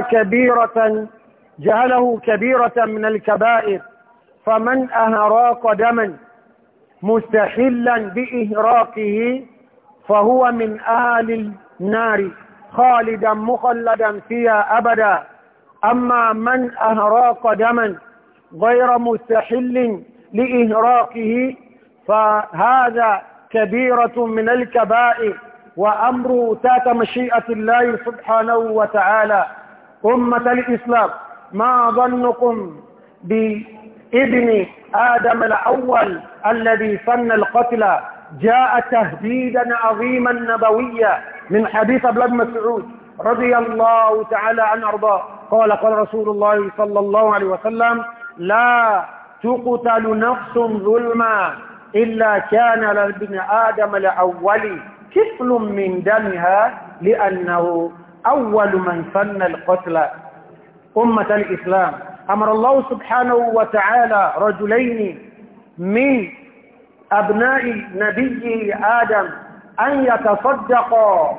كبيرة جعله كبيرة من الكبائر فمن أهراق دما مستحلا بإهراقه فهو من أهل النار خالدا مخلدا فيها أبدا أما من أهراق دما غير مستحل لإهراقه فهذا كبيرة من الكبائر وأمره تات مشيئة الله سبحانه وتعالى أمة الإسلام ما ظنكم بابن آدم الأول الذي فن القتل جاء تهديدا عظيما نبويا من حديث ابن مسعود رضي الله تعالى عن أرضاه قال قال رسول الله صلى الله عليه وسلم لا تقتل نفس ظلما إلا كان لابن آدم الأول كفل من دمها لأنه أول من سن القتل أمة الإسلام أمر الله سبحانه وتعالى رجلين من أبناء نبي آدم أن يتصدقا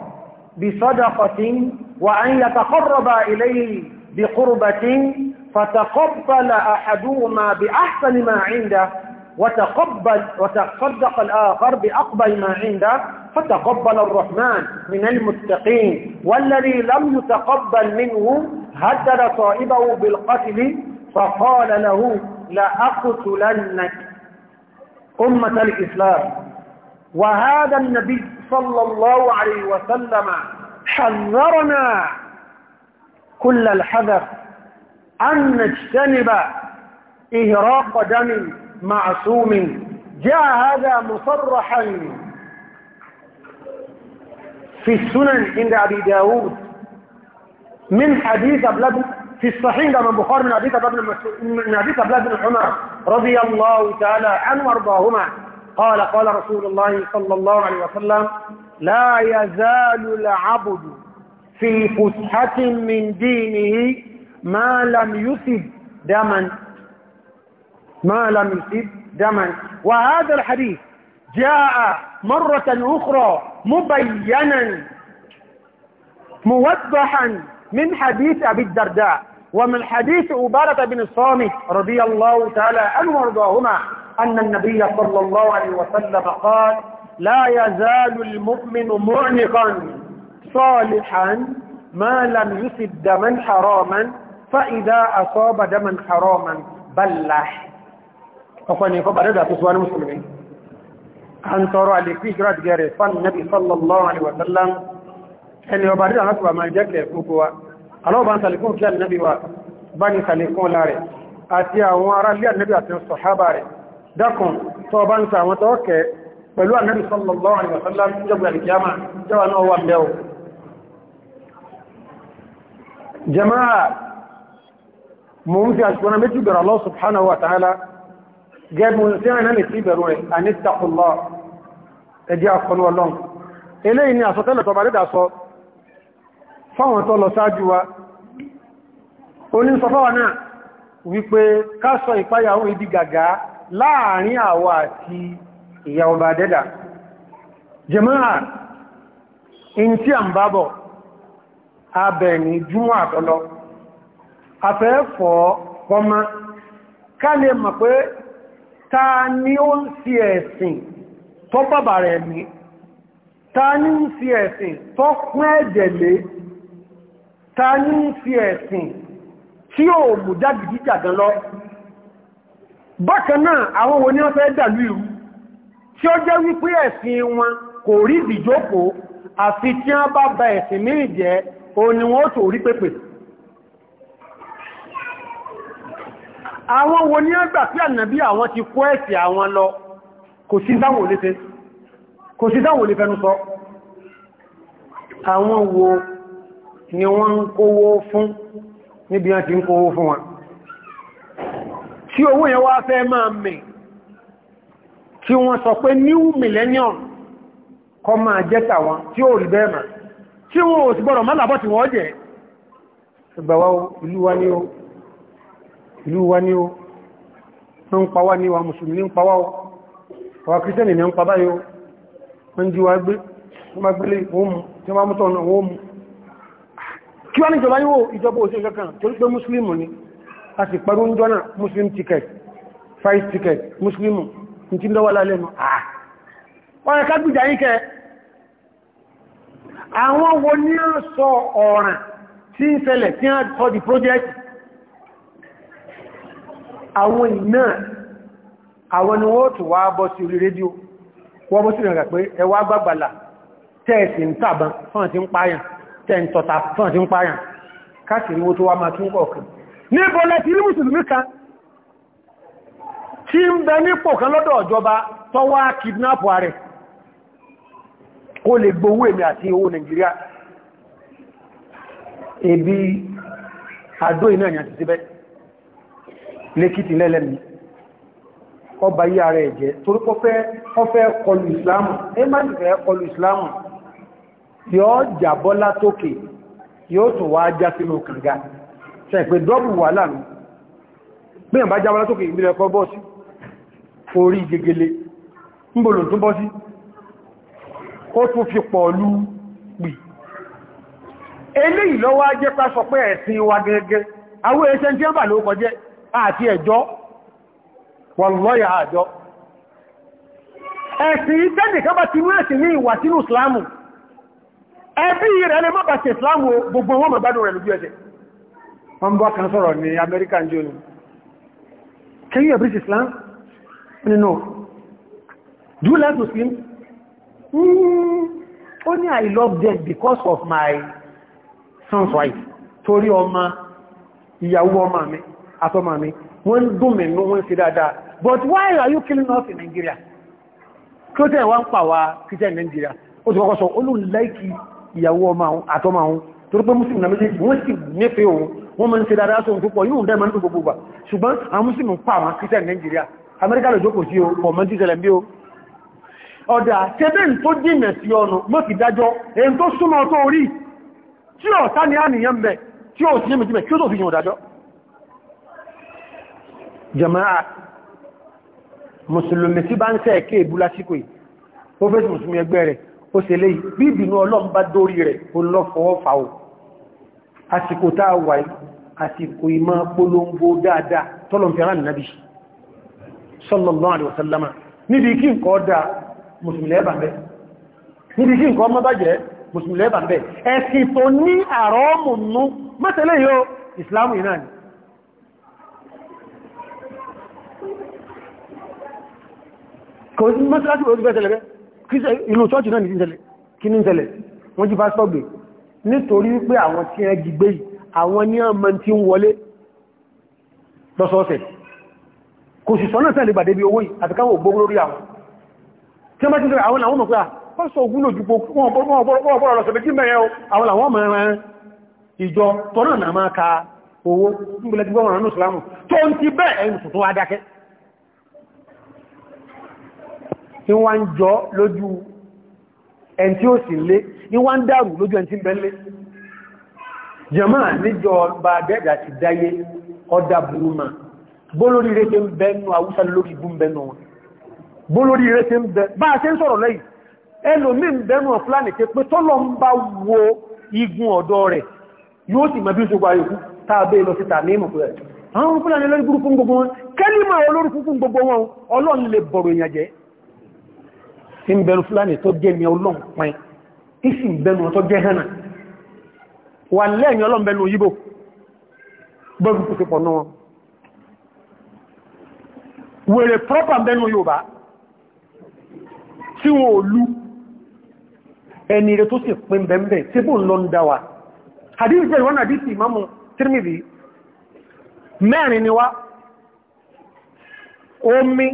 بصدقة وأن يتقربا إليه بقربة فتقبل أحدهما بأحسن ما عنده وتقبل وتصدق الآخر بأقبل ما عنده فتقبل الرحمن من المتقين والذي لم يتقبل منه هدد صائبه بالقتل فقال له لأقتلنك أمة الإسلام وهذا النبي صلى الله عليه وسلم حذرنا كل الحذر أن نجتنب إهراق دم معصوم جاء هذا مصرحا في السنن عند أبي داود من حديث أبلاد في الصحيح عند البخاري من حديث أبلاد من حديث أبلاد بن عمر رضي الله تعالى عنه وارضاهما قال قال رسول الله صلى الله عليه وسلم لا يزال العبد في فسحة من دينه ما لم يسب دما ما لم يصب دما وهذا الحديث جاء مرة أخرى مبينا موضحا من حديث أبي الدرداء ومن حديث أبارة بن الصامت رضي الله تعالى عنه وارضاهما أن النبي صلى الله عليه وسلم قال لا يزال المؤمن معنقا صالحا ما لم يصب دما حراما فإذا أصاب دما حراما بلح ọkọ̀ ni kọ́ bàdẹ́dà tó suwa ní musulmi an tọrọ àlèkú ìjírà ti gẹ̀rẹ̀ fún nabi sallallahu alaihi wasallam ẹni ọba dídà láti wà máa jẹ́ kẹ̀ fúnkú wa alọ́ọ̀bá ń sàlẹ̀kún kí annabi wa bá ní sàlẹ̀kún láàrẹ̀ àti àwọn ará lé annabi àti sọ̀hábà rẹ̀ dákùn tó ọba ń sàwọn tó kẹ pẹ̀lú annabi sallallahu alaihi wasallam jẹ́gbẹ̀ alìkiyama jẹ́wà náà wà mẹ́wọ̀ jama'a mo fi àṣìkò na méjì bẹ̀rẹ̀ Allah subhanahu wa ta'ala gẹ́gbù tí a náà lè sí ìbẹ̀rù rẹ̀ àníṣàkùnlọ ẹjẹ́ àkọlù ọlọ́run eléyìí ni àsọtẹ́lẹ̀ tọba dédà sọ fáwọn tó lọ sáájú wa oní sọ fáwọn náà wípé kásọ ìpáyàwó ibi gàgá láàrin àwa àti ìyà ọba dédà jẹmọ́ra in tí a ń bábọ̀ abẹ̀ni júmọ́ ká lè mọ̀ pé ta ni ó ń fi ẹ̀sìn tó bàbà rẹ̀ ní ta ni ń fi ẹ̀sìn tó pín ẹ̀jẹ̀lé ta ni ń fi ẹ̀sìn tí ó mú jáde jíjà gan lọ bákan náà àwọn wo ni wọ́n fẹ́ dàlú ìrú tí ó jẹ́ wípé ẹ̀sìn wọn kò rí ìdìjókòó àfi tí wọ́n bá ba ẹ̀sìn ní ìjẹ́ òun ni wọ́n tó rí pépè àwọn wo ní ọgbà tí ànàbí àwọn ti kó ẹ̀sì àwọn lọ kò sí sáwọn olè fẹ́nu sọ àwọn wo ni wọ́n ń kówó fún níbi wọ́n ti ń kówó fún wọn tí owó yẹn wá fẹ́ máa mẹ́ tí wọ́n sọ pé new millennium kọ máa jẹ́ tàwọn tí ó rí bẹ́ẹ̀ mà tí wọ́n ò sì gbọ́rọ̀ má làbọ́ tí wọ́n jẹ́ ìgbàwọ́ ìlú wa ni ó ìlú wa ní o wọ́n ń pa wá ní wa mùsùlùmí ń pa wá o ọwà kìrìsìtẹ́nì ni ń pa báyìí o wọ́n jí wa gbé wọ́n máa gbélé òmù tí wọ́n mọ́tọ̀ náà òmù kí wá ní muslim ticket five ticket muslim ní tí ń dọ́wọ́ lálẹ́ nù àà wọ́n yẹ ká gbìjà yín kẹ àwọn wo ní sọ ọ̀ràn tí ń ṣẹlẹ̀ tí ń sọ di project àwọn iná àwọn ni wọ́n tó wá bọ́ sí orí rédíò wọ́n bọ́ sí ìrìnàgbà pé ẹwà gbàgbàlà tẹ́ẹ̀sì ń tàbán fún àti ń páyàn tẹ́ẹ̀ntọ́ta fún àti ń páyàn káàkiri wó tó wá máa tún kọ̀ọ̀kan níbo lẹ́ti rí mùsùlùmí kan tí ń bẹ nípò kan lọ́dọ̀ ìjọba tó wá kìdínápù ààrẹ kó lè gbowó èmì àti owó Nàìjíríà ebi àdó iná ìyàn ti síbẹ̀ lẹ́kìtì lẹ́lẹ́mí ọba yí ara ẹ̀jẹ́ torí kọlu ìsìláàmù kọlu ìsìláàmù yóò jàbọ́ látókè yóò tún wá já sínú kànga ṣẹ̀pẹ̀ dọ́bù wà láàrin gegele eléyìí lọ́wọ́ á jẹ́ ẹ̀sìn wa gẹ́gẹ́ ẹ̀ṣẹ́ àti ẹjọ́ wọ̀lọ́yà àjọ ẹ̀sìn tẹ́nìkan bá ti mú ẹ̀sìn ní ìwà sínú islamu ẹbí rẹ̀ lè má bá ṣe islamu gbogbo wọn mọ̀gbádùn rẹ̀ lójú ẹsẹ̀ wọ́n bọ́ kan sọ̀rọ̀ ní Amẹ́ríkà ń jẹ́ Can you embrace Islam? No. Do you like Muslim? Mm, only I love them because of my son's wife. Torí ọmọ, ìyàwó ọmọ mi àtọ́mà mi wọ́n dùn mí ní wọ́n ṣe dáadáa but why are you killing us in Nigeria kí ó tẹ́ wá ń pa wá christian Nigeria ó ti kọ́kọ́ sọ olùláìkì ìyàwó ọmọ àwọn àtọ́mà àwọn torí pé muslim náà méjèèjì wọ́n sì nífẹ́ òun wọ́n mọ́ ń ṣe dáadáa sóhun tó pọ̀ yóò dẹ́ mọ́nú gbogbo gbà ṣùgbọ́n àwọn muslim ń pa àwọn christian Nigeria America lè jókòó sí o ọmọ tí ṣẹlẹ̀ bí o ọ̀dà tẹ́bẹ̀ tó dìnà sí ọ̀nà mọ́kì dájọ́ èyí tó súnmọ́ tó rí tí ọ̀tá ni àníyàn bẹ̀ tí ó sì yẹ́ méjì bẹ̀ tí ó tó fi yàn dájọ́ jama'a musulmi tí bá ń sẹ́ ẹ̀kẹ́ ìbú lásìkò yìí ó fẹ́ musulmi ẹgbẹ́ rẹ̀ ó se lè bí ìbìnú ọlọ́run bá dórí rẹ̀ ó lọ fọwọ́ fàwọ́ àsìkò tá wà àsìkò ìmọ̀ polongo dáadáa tọ́lọ̀n alaihi wasallama níbi kí nǹkan dá musulmi lẹ́bàá bẹ́ níbi kí nǹkan mọ́ bàjẹ́ musulmi lẹ́bàá bẹ́ ẹ̀sìn ìsìlámù ìnáà kò ní mọ́sílásí orí bẹ́ẹ̀ tẹ́lẹ̀ bẹ́ẹ̀ inú ṣọ́ọ̀tì náà ní tẹ́lẹ̀ kí ní tẹ́lẹ̀ wọ́n jí pásítọ̀ gbé nítorí wípé àwọn tí ẹ jí gbé àwọn ní ọmọ tí ń wọlé lọ́sọ̀ọ̀sẹ̀ kò sì sọ́nà tẹ́lẹ̀ gbàdé bí owó yìí àti káwọn ògbó lórí àwọn tí wọ́n ti tẹ́lẹ̀ àwọn làwọn mọ̀ pé ah, pásítọ̀ ògún lòjú pọ̀pọ̀rọ̀ lọ́sọ̀ méjì mẹ́rẹ̀ àwọn làwọn mọ̀ ẹran ìjọ tọ́nà náà máa ka owó nígbẹ̀lẹ́gbẹ̀rún ìsìlámù tó ń ti bẹ́ẹ̀ ẹ̀yìn tuntun adákẹ́ ní wá ń jọ lójú ẹn tí ó sì lé ní wá ń dàrú lójú ẹn tí ń bẹ́lé jẹ́mà níjọ bá dẹ́gà ti dáyé ọdá burú ma bólórí rẹ̀ tí ń bẹ́nu àwúsá lórí gún bẹ́nu wọn bólórí rẹ̀ tí ń bẹ́ bá a ṣe ń sọ̀rọ̀ lẹ́yìn ẹlòmí ń bẹ́nu ọ̀fúlánì tẹ pé tọ́lọ ń bá wo igun ọ̀dọ́ rẹ̀ yóò sì mọ̀ bí ṣogbo ayòkú tàbí lọ sí tàbí ìmọ̀ pẹ̀lẹ̀ àwọn fúlàní lórí burúkú gbogbo wọn kẹ́límà olórúkú gbogbo wọn ọlọ́run lè bọ̀rọ̀ èèyàn tí ń bẹnu fúlàní tó jẹ́ ní ọlọ́n pẹ́n tí sì ń bẹnu tó jẹ́ hànà wà lẹ́ẹ̀ni ọlọ́n bẹnu yíbò bọ́gbù tó ti pọ̀ náà wèrè pọ́pà bẹnu Yorùbá tí wọ́n olú ẹni rẹ̀ tó sì pín bẹ̀m̀bẹ̀ tí bó ń lọ omi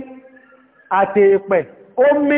àti ìpẹ̀ omi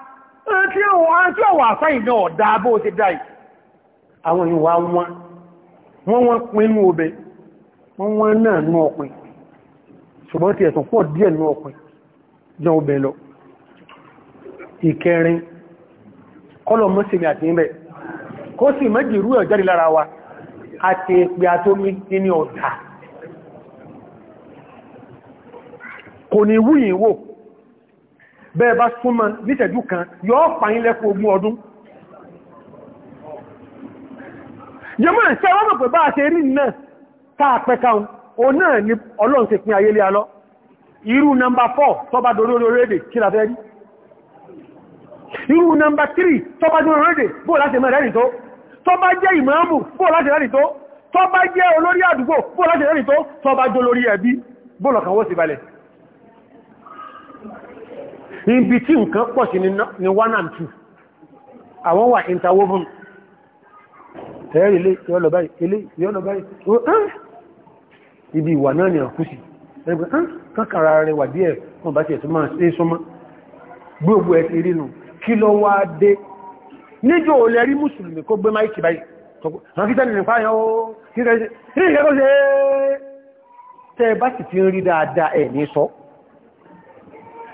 tí àwọn tí àwọn àfáyìn náà dá bó ti dá àwọn ìwà wọn wọ́n wọ́n pinnu obẹ wọ́n wọ́n náà ní ọ̀pìn ṣùgbọ́n ti ẹ̀sùn pọ̀ díẹ̀ ní ọ̀pìn jẹ obẹ lọ ìkẹrin kọlọ mọ́sílẹ̀ àti ìbẹ̀ kó sì mẹ́jì rú ẹ̀ jáde lára wa àti ìpẹ́ àtómi ní ọ̀tà kò ní wúyìn wò bẹ́ẹ̀ bá súnmọ́ nítẹ̀jú kan yóò pàyín lẹ́kùn ogún ọdún jẹmọ́ ìṣẹ́ wọ́n mọ̀ pé bá ṣe rí náà táà pẹ́kàun o náà ni ọlọ́run ti pín ayélé alọ́ irú nọmbà 4 tọ́bá dorí orílẹ̀-èdè kí la fẹ́ rí irú nọmbà 3 tọ́bá dorí orílẹ̀-èdè bóò láti mẹ́rẹ̀ rìn tó tọ́bá jẹ́ ìmáàmù bóò láti rìn tó tọ́bá jẹ́ olórí àdúgbò bóò láti rìn tó tọ́bá jẹ́ olórí ẹbí bóò lọ́kàn wọ́n sì balẹ̀ ibi tí nǹkan pọ̀ sí ni one and two àwọn wà interwoven tẹ́rì ilé yọ́lọ báyìí ilé yọ́lọ báyìí ibi ìwà náà ni àkú sí ẹgbẹ́ kankara rẹ̀ wà díẹ̀ wọ́n bá ti ẹ̀tún máa ṣe súnmọ́ gbogbo ẹ̀ ti rí nù kí lọ wá dé níjò olẹ́rí mùsùlùmí kó gbé máìkì báyìí tẹ́ bá sì ti ń rí dáadáa ẹ̀ ní sọ́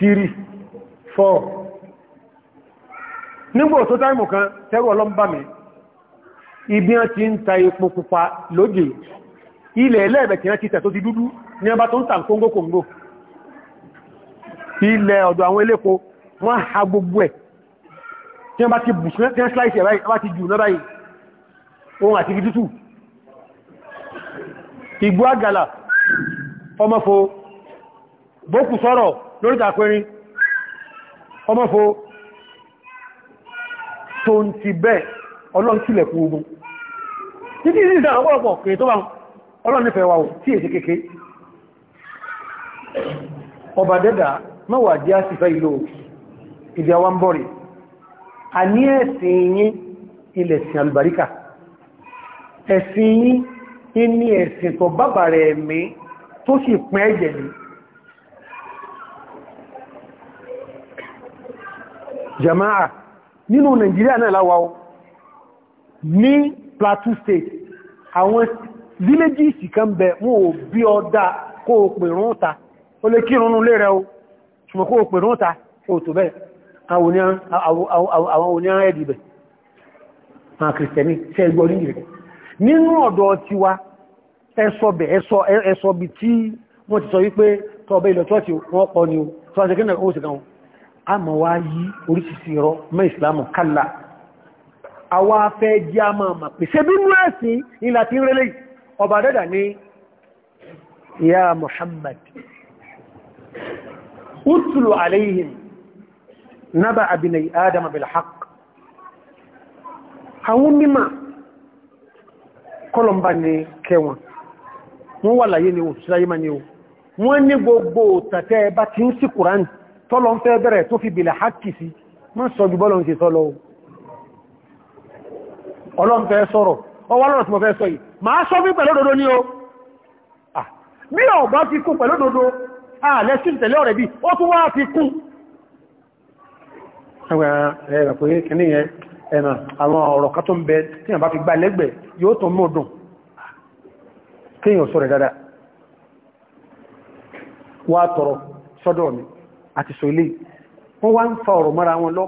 tírì fọ́ nígbò tó táìmù kan tẹ́rù ọlọ́mbàmí ibi wọn ti ń ta epo pupa lóde ilẹ̀ ẹlẹ́ẹ̀bẹ̀kì wọn ti tẹ̀ tó ti dúdú ní ọba tó ń tà kóngó kóngó ilẹ̀ ọ̀dọ̀ àwọn eléko wọ́n ha gbogbo ẹ̀ tí wọ́n bá ti bùsùn tí wọ́n sláìsì ẹ̀bá ìwá ti jù náà báyìí ohun bókù sọ́rọ̀ lórí tàkwẹ́rin ọmọ́fò tó ń ti bẹ́ ọlọ́nkílẹ̀kù ogun títí kèrè tó bá ọba dẹ́dà mẹ́wàá jẹ́ àsìfẹ́ ìlò ìdí àwọn a ní ẹ̀sìn yí ilẹ̀ sí ẹ̀sìn yí ní ẹ̀sìn bàbàrẹ̀ ẹ̀mí tó sì ẹ̀jẹ̀ jama'a nínú Nàìjíríà náà láwá o ní Plateau State àwọn villages kan bẹ wọn ò bí ọdá kó o pè rún ta ó lè kírun lé rẹ o ṣùgbọ́n kó o pè rún ta ó tó bẹ́ẹ̀ àwọn oníran ẹ̀dìbẹ̀ àwọn kìrìsìtẹ̀ní ṣe ẹgbọ́ ní ìrẹ̀ nínú ọ̀dọ̀ ti wa ẹsọ̀bẹ̀ ẹsọ̀bì tí wọ́n ti sọ wípé tọ́ọ̀bẹ̀ ilẹ̀ tọ́ọ̀tì wọ́n pọ̀ ni o tọ́ọ̀tì kí náà ó a mọ̀ wá yí oríṣiríṣi rọ mọ́ ìsìlámù kálà àwa afẹ́ jẹ́ a máa mà pè ṣe bí mú ẹ̀sìn ilà tí ń relé ọba dẹ́dà ní ya Muhammad utlu alayhim naba abinai adam bilhaq àwọn mímọ̀ kọlọmbà ní kẹwọn wọ́n wà láyé ni òṣìṣẹ́ ni gbogbo tàtẹ́ bá ti ń sí kùránì tọ́lọ ń fẹ́ bẹ̀rẹ̀ tó fi bèèrè hákì sí mọ́ sọ jù bọ́lọ̀ ń ṣe sọ́lọ ọlọ́n fẹ́ sọ̀rọ̀ ọwọ́ lọ́nà tí mo fẹ́ sọ yìí máa sọ fí pẹ̀lú òdodo ní o bí o bá ti kún pẹ̀lú òdodo ààlẹ́ sí tẹ̀lé ọ̀rẹ́ bí ó tún wá ti kún àwọn ọ̀rọ̀ kan tó sọ́dọ̀ mi àti sọlé wọ́n wá ń fa ọ̀rọ̀ mọ́ra wọn lọ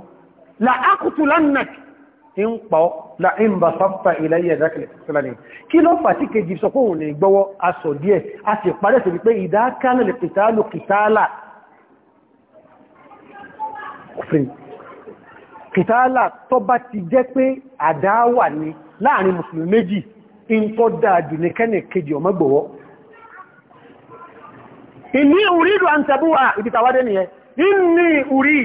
la ákùtù lánàk ń pa ọ́ la ń bá fáfà ìlàyé ẹ̀dákẹ̀lẹ̀ sọ́lánì kí ló fà tí kejì sọ fóhùn ní gbọ́wọ́ aṣọ díẹ̀ a sì parẹ́ sí wípé ìdákálẹ̀ lè pìtàlù kìtàlà kìtàlà tó bá ti jẹ́ pé àdáwà ni láàrin mùsùlùmí méjì in tó dáa jù ní kẹ́nì kejì ọmọ gbọ́wọ́ inni uri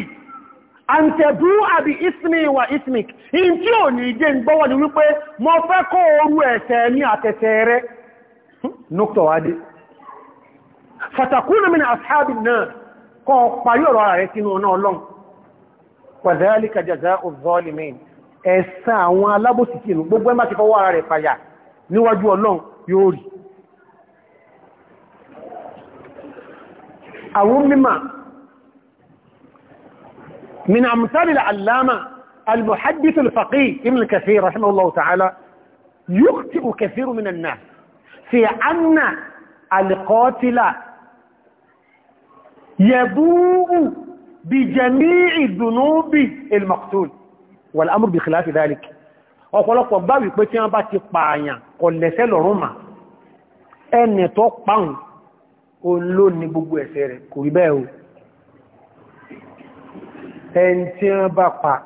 àǹtẹ̀bú àbí ismi wa ismik in tí ò ní jẹ́ gbọ́wọ́ ni wípé mo fẹ́ kó orú ẹ̀ṣẹ̀ ní àtẹ̀ṣẹ̀ rẹ̀ hmm, nùktọ̀ wádé fatakuna min ashabi náà kọ parí ọ̀rọ̀ rẹ̀ sínú ọ̀nà ọlọ́n wadhalika jazaa'u zalimin ẹ̀san àwọn alábòsìkì inú gbogbo ẹmà من أمثال العلامة المحدث الفقيه ابن كثير رحمه الله تعالى يخطئ كثير من الناس في أن القاتل يبوء بجميع ذنوب المقتول والأمر بخلاف ذلك ọ̀pọ̀lọpọ̀ bá wípé tí wọ́n bá ti pààyàn kò lẹ́sẹ̀ lọ́rùn mà ẹni tó pàun òun ló ní gbogbo ẹ̀ṣẹ̀ rẹ̀ kò rí bẹ́ẹ̀ o ẹn tí a bá pa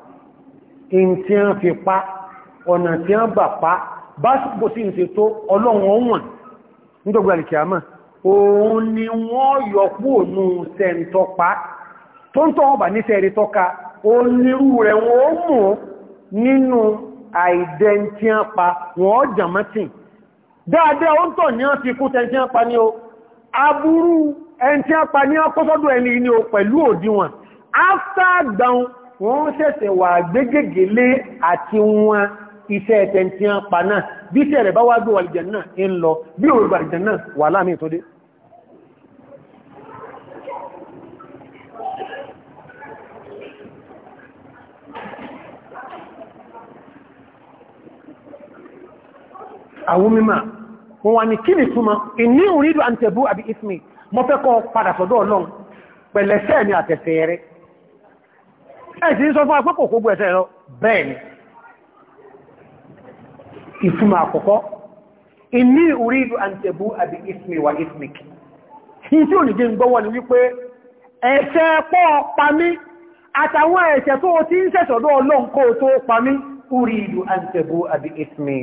in tí a fi pa ọ̀nà tí a bá pa bá ṣùgbò sí ìṣe tó ọlọ́run wọn nígbàgbà tó wọ́n wọ́n dáadáa ó ń tọ̀ ní ọ́n ti kú tẹ́ntíápa ní o aburú ẹntíápa ní ọkọ́sọ́dọ̀ ẹni ni o pẹ̀lú òdíwọ̀n after down wọ́n ṣẹ̀ṣẹ̀ wà gbégégélé àti wọn iṣẹ́ ẹ̀tẹ̀ntí pa náà bí iṣẹ́ rẹ̀ bá wá gbé wàlìjẹ̀ náà ń lọ bí òwe wàlìjẹ̀ náà wà láàmì tó dé àwọn mímọ̀ wọ́n wà ní kí ni túnmọ̀ ìní òrìdù àǹtẹ̀bú àbí ismi mọ́fẹ́kọ́ padà sọ́dọ̀ ọlọ́run pẹ̀lẹ̀ṣẹ́ ni àtẹ̀fẹ́ ẹ̀sì sọ fún apẹ́kò kó gbẹ̀ẹ́sẹ̀ lọ bẹ́ẹ̀ni ìfúnmà àkọ́kọ́ inni uridu an tẹ̀bú àbí ismi wa ismik tí tí ò ní jẹ́ gbọ́wọ́ ni wípé ẹ̀ṣẹ̀ pọ̀ pamí àtàwọn ẹ̀ṣẹ̀ tó ti ń sẹ̀sọ̀dọ́ ọlọ́nkó tó pamí uridu an tẹ̀bú àbí ismi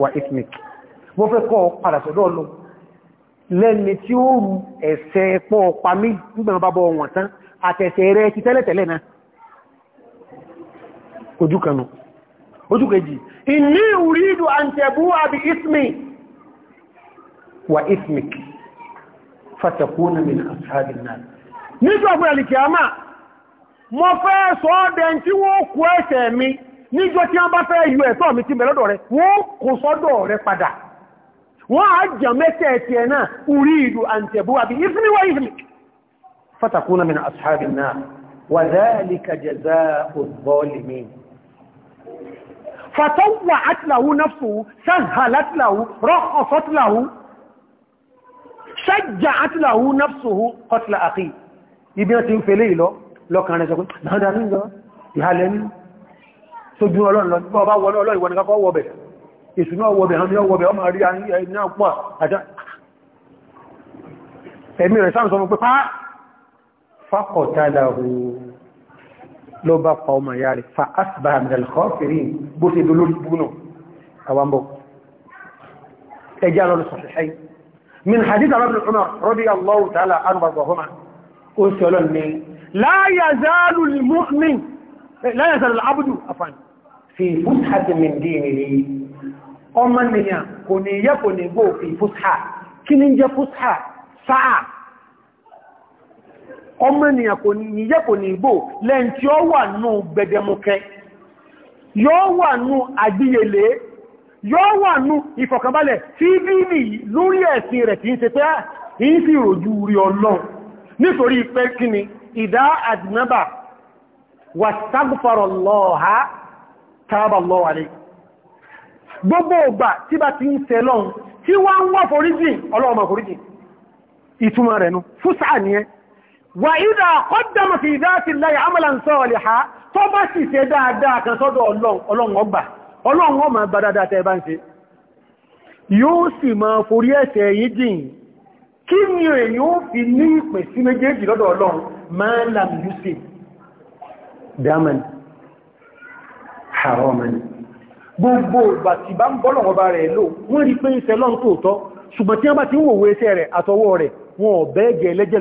wa ismik mo fẹ́ kọ́ padà sọ̀dọ́ ọlọ́ lẹ́ni tí ó rú ẹ̀ṣẹ̀ pọ̀ pamí nígbàmọ́ ojú kanu ojú kejì inni uridu an tabua bi ismi wa ismik fatakuna min ashabin nar níjọ́ fún alìkìyàmá mo fẹ́ sọ ọ́dẹ̀ tí wọ́n kú ẹ̀ṣẹ̀ mi níjọ́ tí wọ́n bá fẹ́ yọ ẹ̀tọ́ mi ti mẹ́lọ́dọ̀ rẹ̀ wọ́n kò sọ́dọ̀ rẹ̀ padà wọ́n á jẹ mẹ́tẹ̀ ẹ̀tẹ̀ náà uridu an tabua bi ismi wa ismik fatakuna min ashabin nar wa dhalika jazaa'u adh-dhalimin fàtọ́wà átìláwú náfù sáhàlá átìláwú rọ́ọ̀fọ́ átìláwú ṣẹ́jà átìláwú náfù kọtìlá àkí ibi wọ́n ti ń fèlé ìlọ lọ́kàn rẹ̀ sọkún náà ní lọ ìhàlẹ̀ ní sójú ọlọ́run lọ ló bá pa ọmọ ìyá rẹ̀ fa asbà àmìlẹ̀lẹ̀kọ́ fèrè bó ṣe dolórí búnà àwambọ̀ ẹjá lọ́rọ̀ sọ̀ṣẹ̀ṣẹ́ min hadith arabin umar rọ́bí allahu ta'ala an bàbá homa ó sì ọlọ́n ní láyàzálù mu'min láyàzálù abudu afan fi fúshàtì min dìní ọmọ ènìyàn kò níyẹ́ kò ní ìgbò lẹ́yìn tí ó wà nù gbẹdẹmukẹ yóò wà nù àgbíyèlé yóò wà nù ìfọ̀kànbalẹ̀ tí bíbí lórí ẹ̀sìn rẹ̀ tí ń ṣe pé ń fi rojú rí ọlọ́run nítorí pé kíni ìdá àdínábà wà gbogbo ti ń ṣe lọ́run tí wá ń wá foríjìn wà ìdá ọdọ́mọ̀ fi ìdáti láyé amalan ha tó bá sì ṣe dáadáa kan sọ́dọ̀ ọlọ́run ọgbà ọlọ́run ọmọ bá dáadáa tẹ́ bá ń ṣe yóò sì máa forí ẹ̀ṣẹ̀ yìí jìn kí ni èyí fi ní ìpè sí méjèèjì lọ́dọ̀ ọlọ́run máa gbogbo ìgbà tí bá ọba rẹ̀ lò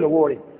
wọ́n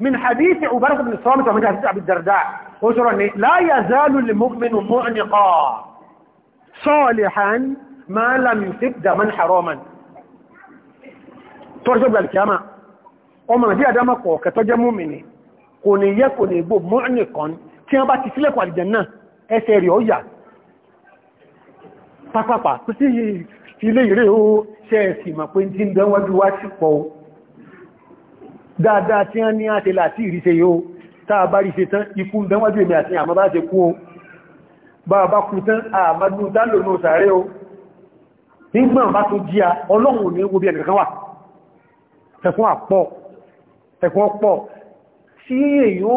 من حديث عبارة بن الصامت ومن حديث أبي الدرداء وشرا لا يزال المؤمن معنقا صالحا ما لم يسب دما حراما ترجب الكامة ọmọ ìdí àdámà kọ̀ọ̀kẹ́ tó jẹ́ múmìnì kò ní yẹ kò ní gbò mọ́rin kan tí wọ́n bá ti sílẹ̀kọ̀ àdìjẹ̀ náà ẹsẹ̀ rí ọ̀yà pápápá tó sí ilé ìrẹ́ ó ṣẹ́ẹ̀sì mà pé tí ń bẹ́wọ́dúwá sí pọ̀ dáadáa tí wọ́n ní á tẹ́lá tí ìrísẹ yóò táa bá ríṣe tán ikú ń dánwájú èmì àti àmà bá ṣe kú o bá bá kú tán àmàdún dálò ní òsàárẹ́ o nígbà bá tó jíà ọlọ́run ní wo bí ẹnìkan wà ẹ̀kún àpọ̀ ẹ̀kún ọpọ̀ tí èyí ó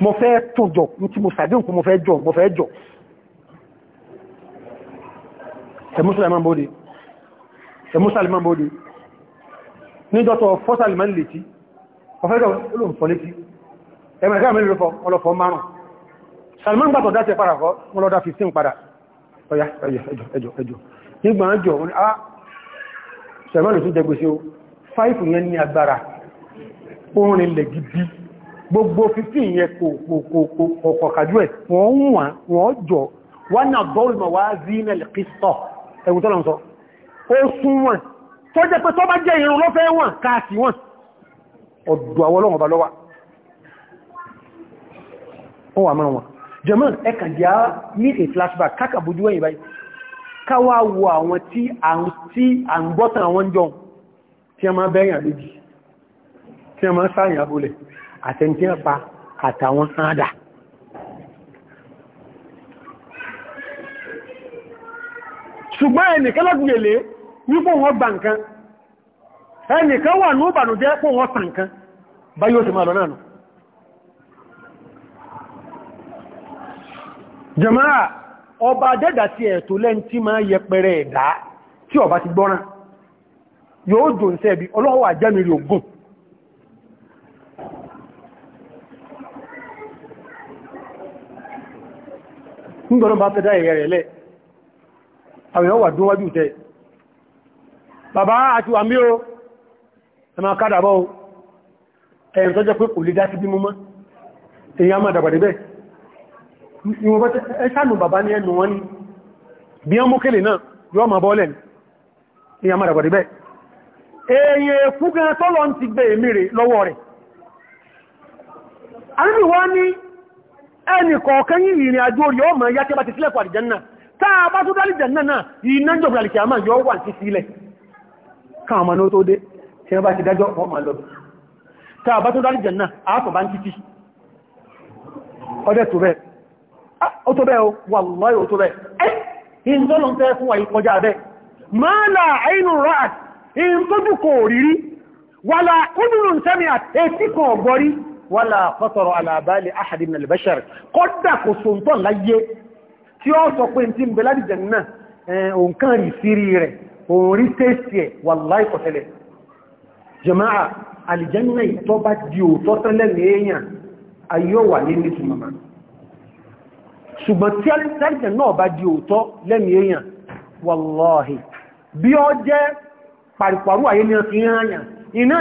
mo fẹ́ tó jọ tí mo sàdéhùn kó mo fẹ́ jọ mo fẹ́ jọ ẹmúsàlẹ̀ máa bóde ẹmúsàlẹ̀ máa bóde níjọ́tọ̀ fọ́sàlẹ̀ máa lè tí ọ̀fẹ́jọ́ olóòfọ́ létí ẹmẹ̀ká mẹ́rin ọlọ́fọ́ márùn Salman gbàtọ̀ dáṣẹ́ padà kọ́ ọlọ́dá 15 padà ọya ẹjọ́ ẹjọ́ nígbà ájọ́ wọn á Salman lè tún jẹ gbèsè o 5 yẹn ní agbára orin lẹ̀ gidi gbogbo 15 yẹ kọ̀kọ̀kàjú ẹ̀ wọ́n ń wà wọ́n jọ wọ́n náà bọ́ọ̀lù mọ̀ wá sí ilẹ̀ kìsọ̀ ẹ̀wùn tọ́lọ̀ sọ ó sún wọn tó jẹ́ pé tó bá jẹ́ irun lọ́fẹ́ wọn káàkì wọn ọ̀dọ̀ àwọn ọlọ́wọ̀n bá lọ́wà ó flashback kákàbójú ẹ̀yìn báyìí káwà wo àwọn tí à ń gbọ́tàn àwọn jọ tí a máa bẹ́yàn sáyìn abúlẹ̀ àtẹ̀ntì ẹ̀pa àtàwọn àádà. ṣùgbọ́n ẹnìkan lágbìyèlé wípò wọ́n bá nǹkan ẹnìkan wà ní ìbànújẹ́ pò wọ́n tàn nǹkan bá yóò ti máa lọ náà nù jẹmọ́ra ọba dẹ́dà sí ẹ̀tọ́ lẹ́n tí máa yẹpẹrẹ ẹ̀dá nígbọ̀nà bá fẹ́dá ẹ̀yẹ rẹ̀ lẹ́ àwọn èèyàn wà dún wájú tẹ́ bàbá àti wàmí o ẹmà kádàbọ́ o ẹ̀yìn tó jẹ́ pé kò lè dá sí bí múmọ́ èèyàn máa dàgbàdé ni bí ọmọ kèlè náà yóò máa bọ́ọ̀lẹ̀ èèyàn máa dàgbàdé bẹ́ èèyàn èkú gan tọ́lọ ti gbé èmì ẹni kọ̀ọ̀kan yìí ìrìn àjò orí ọmọ ya tí a bá ti sílẹ̀kọ̀ àlìjẹ́nà táa bá tó dálì jẹ́nà náà iná jọ̀bọ̀ àlìkẹ́ àmà yọ wà sí sílẹ̀ káàmà ní ó tó dé tí a bá ti dájọ́ ọmọ lọ táa bá tó dálì jẹ́nà àátọ̀ bá ń títí wọ́lá fọ́sọ̀rọ̀ alábálì àhàdìmìn albashar kọ́dà kò so tọ́ láyé tí ó sọ pé tí ń bẹ láti jẹ̀ náà òǹkan rí sírí rẹ̀ òun rí tẹ́sì ẹ̀ wàláì kọ̀tẹ́lẹ̀ jama'a alìjẹ́nà ìtọ́ bá di òótọ́ tẹ́lẹ̀ èèyàn ayé wà ní nítumọ̀má ṣùgbọ́n tí alìjẹ́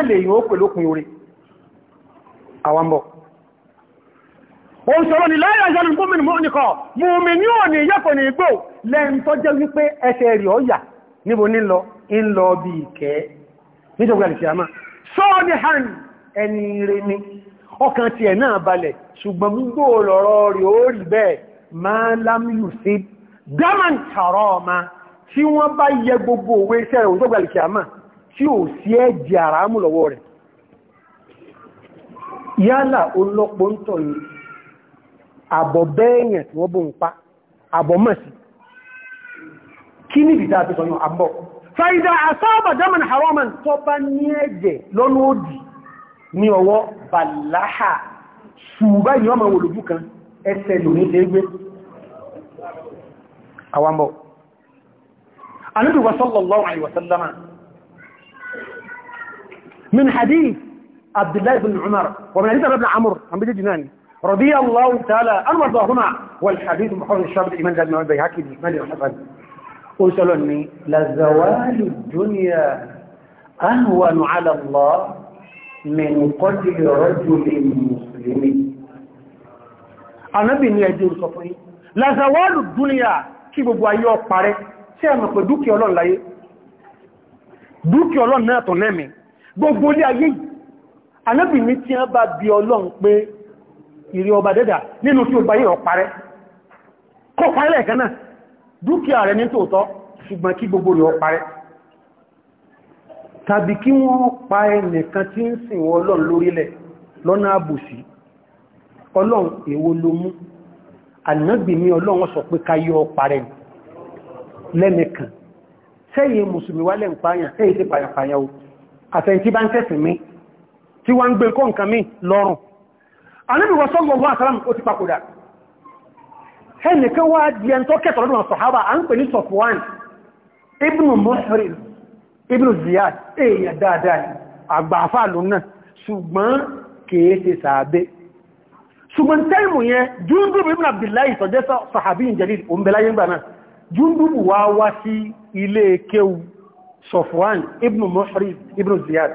ó jẹ́ Awambo, ó ń sọ̀rọ̀ ni láyé àjọ́lù gómìnà mọ́ nìkan mọ́mí ní òní yẹ́kọ̀ ní igbó lẹ́n tó jẹ́ wípé ẹsẹ̀ rí ọ̀yà níbo ní lọ bí ìkẹ́ nítorí alìsíyàmá sọ́ọ́ ní hàn ẹni rẹ ni ọkàn ti ẹ̀ náà balẹ̀ ṣùgbọ́n gbogbo lọ́rọ̀ rí ó rí bẹ́ẹ̀ máa lámìlù sí dáman tààrọ ọmọ tí wọ́n bá yẹ gbogbo owó yálà olóòpó ń tọ̀ ní àbọ̀ bẹ́ẹ̀yàn tí wọ́n bó ń pa àbọ̀ mọ̀sí kí ní ìdíta àti sọ̀yún àbọ̀ fàídà àsáàbà dáman haraman tó bá ní ẹ̀jẹ̀ lọ́nà òdì ní ọwọ́ bàláhà ṣùgbá ìyọ́ ma kan ẹsẹ̀ lóní lẹ́gbẹ́ àwambọ̀ anúdùwà sallallahu عبد الله بن عمر ومن حديث بن عمرو عن بن جناني رضي الله تعالى عن وارضاهما والحديث محور الشاب الإيمان جاد من البيهقي بإكمال الحسن أرسلني لزوال الدنيا أهون على الله من قتل رجل مسلم Ànábì ní ẹjẹ́ ìsọ̀fún yìí. Làzàwọ́lù dúnìyà kí gbogbo ayé ọparẹ́ tí ẹ̀mọ̀ pẹ̀ dúkìá ọlọ́run láyé. Dúkìá ọlọ́run náà Gbogbo ilé ayé yìí anábì ní tí wọ́n bá bí ọlọ́run pé ìrẹ ọba dẹ́dà nínú tí ó gbáyé ọ̀parẹ́ kó parẹ́ lẹ́ẹ̀kan náà dúkìá rẹ̀ ní tòótọ́ ṣùgbọ́n kí gbogbo rẹ̀ ọparẹ́ tàbí kí wọ́n pa ẹnìkan tí ń sìn wọ́n ọlọ́run lórílẹ̀ lọ́nà àbòsí ọlọ́run èwo ló mú ànábì ní ọlọ́run sọ pé ká yọ ọparẹ́ tí wọ́n ń gbé kọ́ nǹkan mí lọ́rùn anábìwọ̀ sọ́gbọ̀n wọ́n àsálàm ó ti papòdà ẹnìkan wá di ẹn tó kẹtọ̀ lọ́dún sọ̀hábà à ń pè ní Sọfwan ibn Muhrir Ziyad èèyàn dáadáa àgbàfà lónà ṣùgbọ́n kìí ṣe sàábé ṣùgbọ́n tẹ́ìmù yẹn júndùbù ibn Abdullahi tọ́jẹ́ sàhábí jalil òǹbẹ̀láyé ń gbà náà júndùbù wá wá sí ibn Ziyad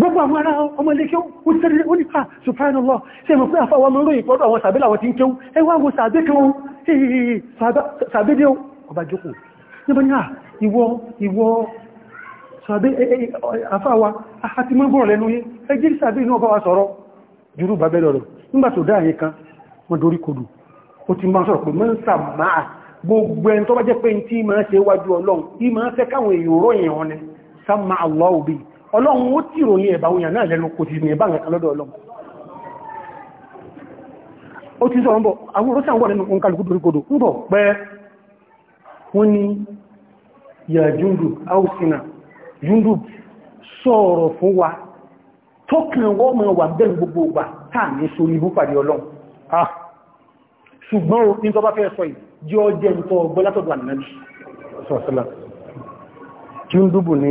gbogbo àwọn ara ọmọlé kéwú ó tẹ́rẹ ó nípa subhanallah ṣe mọ̀ pé àfáwà mọ́ ròyìn pọ́dọ̀ àwọn sàbẹ́lá àwọn tí ń kéwú ẹwà wo sàbẹ́ kéwú ọba wa sọ̀rọ̀ jùrú bàbẹ́ lọ́rọ̀ nígbà tó dá àyẹ a ti máa sọ̀rọ̀ pé mọ́ ń sàmáà gbogbo ẹni tó bá jẹ́ pé tí máa ṣe wájú ọlọ́run ọlọ́run ó tìrò ní ẹ̀bà òyìn náà lẹ́nu kò ti ní ẹ̀bà nǹkan lọ́dọ̀ ọlọ́run ó ti sọ ọ̀rọ̀ àwọn orọ́sí àwọn ẹnu nǹkan lùkú doríkodò ń bọ̀ pẹ́ wọ́n ni yà jùndù áùsìnà jùndù sọ̀rọ̀ fún wa tókàn wọ́n mọ̀ wà bẹ́ẹ̀ gbogbo ìgbà ni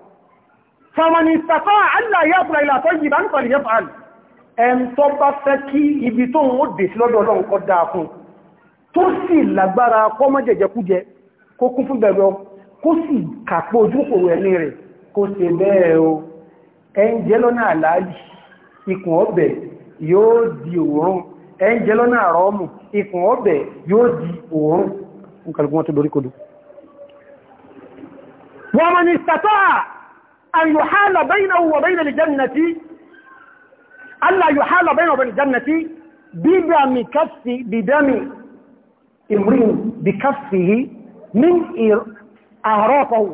fọmọni ìsàfá aláyé àpùrà ìlàtọ́ yìí bá ń pàlì yẹ́ fàálì ẹn tó bá fẹ́ kí ibi tó ń ó dè sí lọ́dọ̀ ọlọ́run kọ́ dáa fún tó sì lágbára kọ́ mọ́ jẹjẹkújẹ kó kún fún bẹ̀rọ kó sì kàpọ̀ ojúkòrò ẹni rẹ̀ wọ́n mọ́ ni sàtọ́à أن يحال بينه وبين الجنة ألا يحال بينه وبين الجنة بدم كف بدم امرئ بكفه من أعرافه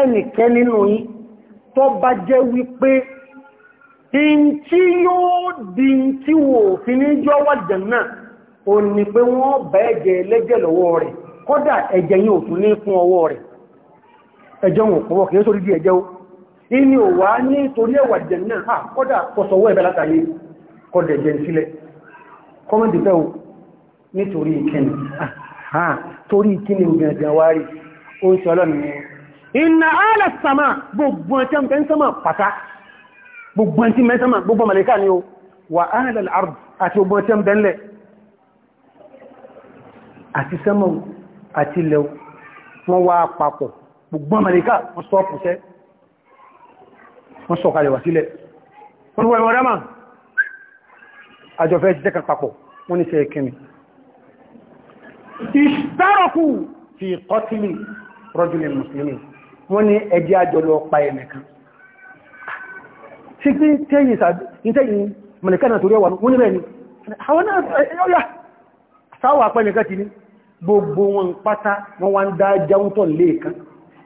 ẹnikẹ́ni nínú yín tó bá jẹ́ wípé ìntí yóò di tí wò fi ní jọ wà jẹ̀nà o ní pé wọ́n bá ẹ̀jẹ̀ lẹ́jẹ̀ lọ́wọ́ rẹ̀ kódà ẹ̀jẹ̀ yìí ò tún ní kún ọwọ́ ẹjọ́ wọn pọ̀wọ́ kìí sórí bí ẹjẹ́ ó inú ò wá ní torí ẹwà jẹ náà kọ́dà kọsọ̀wọ́ ẹ̀bẹ̀ látàrí kọ́dẹ̀ jẹ sílẹ̀ kọ́mọ̀dì fẹ́ o nítorí ìkẹni torí ìkíni gẹ̀ẹ́gẹ̀ wá rí ó ń sọ́lọ́ ni iná ààlẹ̀ sàmà gbogbo ẹ̀tẹ́ mẹ́sàmà pàtà gbogbo ẹ̀tẹ́ mẹ́sàmà gbogbo mẹ́lẹ́kà ni ó wà ààlẹ̀ àrùn àti gbogbo ẹ̀tẹ́ mẹ́lẹ̀ àti sẹ́mọ̀ àti ilẹ̀ wọn wá papọ̀ gbogbo amẹ́ríkà wọ́n sọ pùsẹ́ wọ́n sọ kalẹ̀ wà sílẹ̀ wọ́n wọ́n wọ́n dámà àjọfẹ́ jẹ́ kàpapọ̀ wọ́n ní sẹ́ẹ̀kẹ́ mi ìṣtárọ̀kù fi kọtílì rọ́jùlẹ̀ mùsùlùmí wọ́n ní ẹjẹ́ àjọlọ pa ẹ̀mẹ̀kan gbogbo wọn pátá wọ́n wá ń dá jáúntọ̀ lẹ́ẹ̀kan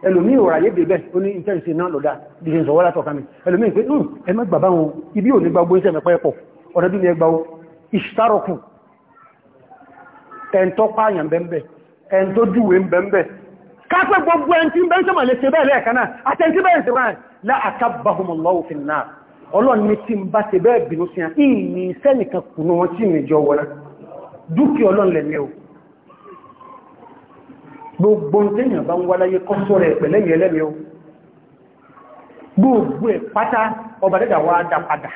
ẹlòmí ò ráyé bèbẹ̀ ó ní ìtẹ́rìsì náà lọ́dá dìde ìṣọ̀wọ́ látọ̀ká mi ẹlòmí pé hmm, ẹ má gbà bá wọn ibi ò ní gbà gbóyíṣẹ́ mẹ́pẹ́ ẹ̀pọ̀ ọ̀nà bí ní ẹgbà ó ìṣtárọ̀kù ẹ̀ntọ́ pààyàn bẹ́ẹ̀ ẹ̀ntọ́ júwe bẹ́ẹ̀ kápẹ́ gbogbo ẹn tí bẹ́ẹ̀ sọ́mọ̀ lè ṣe bẹ́ẹ̀ lẹ́ẹ̀kaná àtẹ́ntí bẹ́ẹ̀ sí ráì láàkábàhùmọ̀lọ́wọ́ fi náà ọlọ́run ní tí ń bá ṣe bẹ́ẹ̀ bínú sí gbogbo tẹ́yàn bá ń wá láyé kọ́sọ́ rẹ̀ pẹ̀lẹ́mì ẹlẹ́mì o gbogbo ẹ̀ pátá ọba dẹ́dà wá dá padà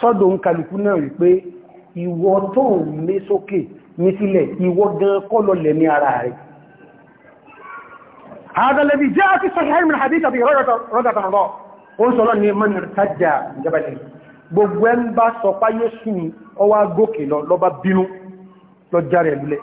sọ́dọ̀ ń kalùkú náà rí pé ìwọ tó mé sókè ní sílẹ̀ ìwọ gan kọ́ lọ lẹ̀ ní ara rẹ̀ àdàlẹ́bí jẹ́ àti sọ́ṣẹ́ gbogbo ẹ ń bá sọpá yóò ọwá gòkè lọ lọ bá bínú lọ járe ẹ̀lúlẹ̀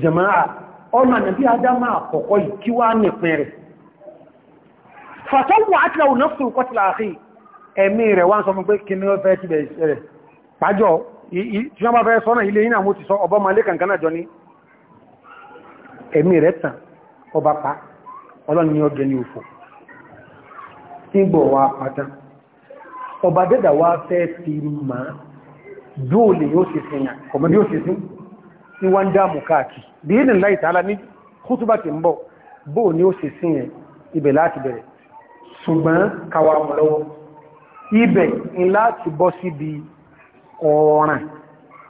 jama'a ọmọ nàbí adama àkọ́kọ́ yìí kí wá nìpin rẹ̀ fàtọ́wọ̀ àtìláwò náà fún kọtìlá àrí ẹ̀mí rẹ̀ wá ń sọ fún pé kí ní ó fẹ́ ti bẹ̀rẹ̀ rẹ̀ pàjọ tí wọ́n bá fẹ́ sọ́nà ilé yínà mú ti sọ ọbọ́ malé kankaná jọ ní wa pátá ọba dẹ́dà wá fẹ́ ti máa tí wọ́n ń dáàmù káàkiri bí i nìlá ìtàlá ní kútùbà tí ń bọ̀ bóò ní ó sì sí yẹn ibẹ̀ láti bẹ̀rẹ̀ ṣùgbọ́n kàwà mọ̀ lọ́wọ́ ibẹ̀ ń láti bọ́ síbi ọ̀ràn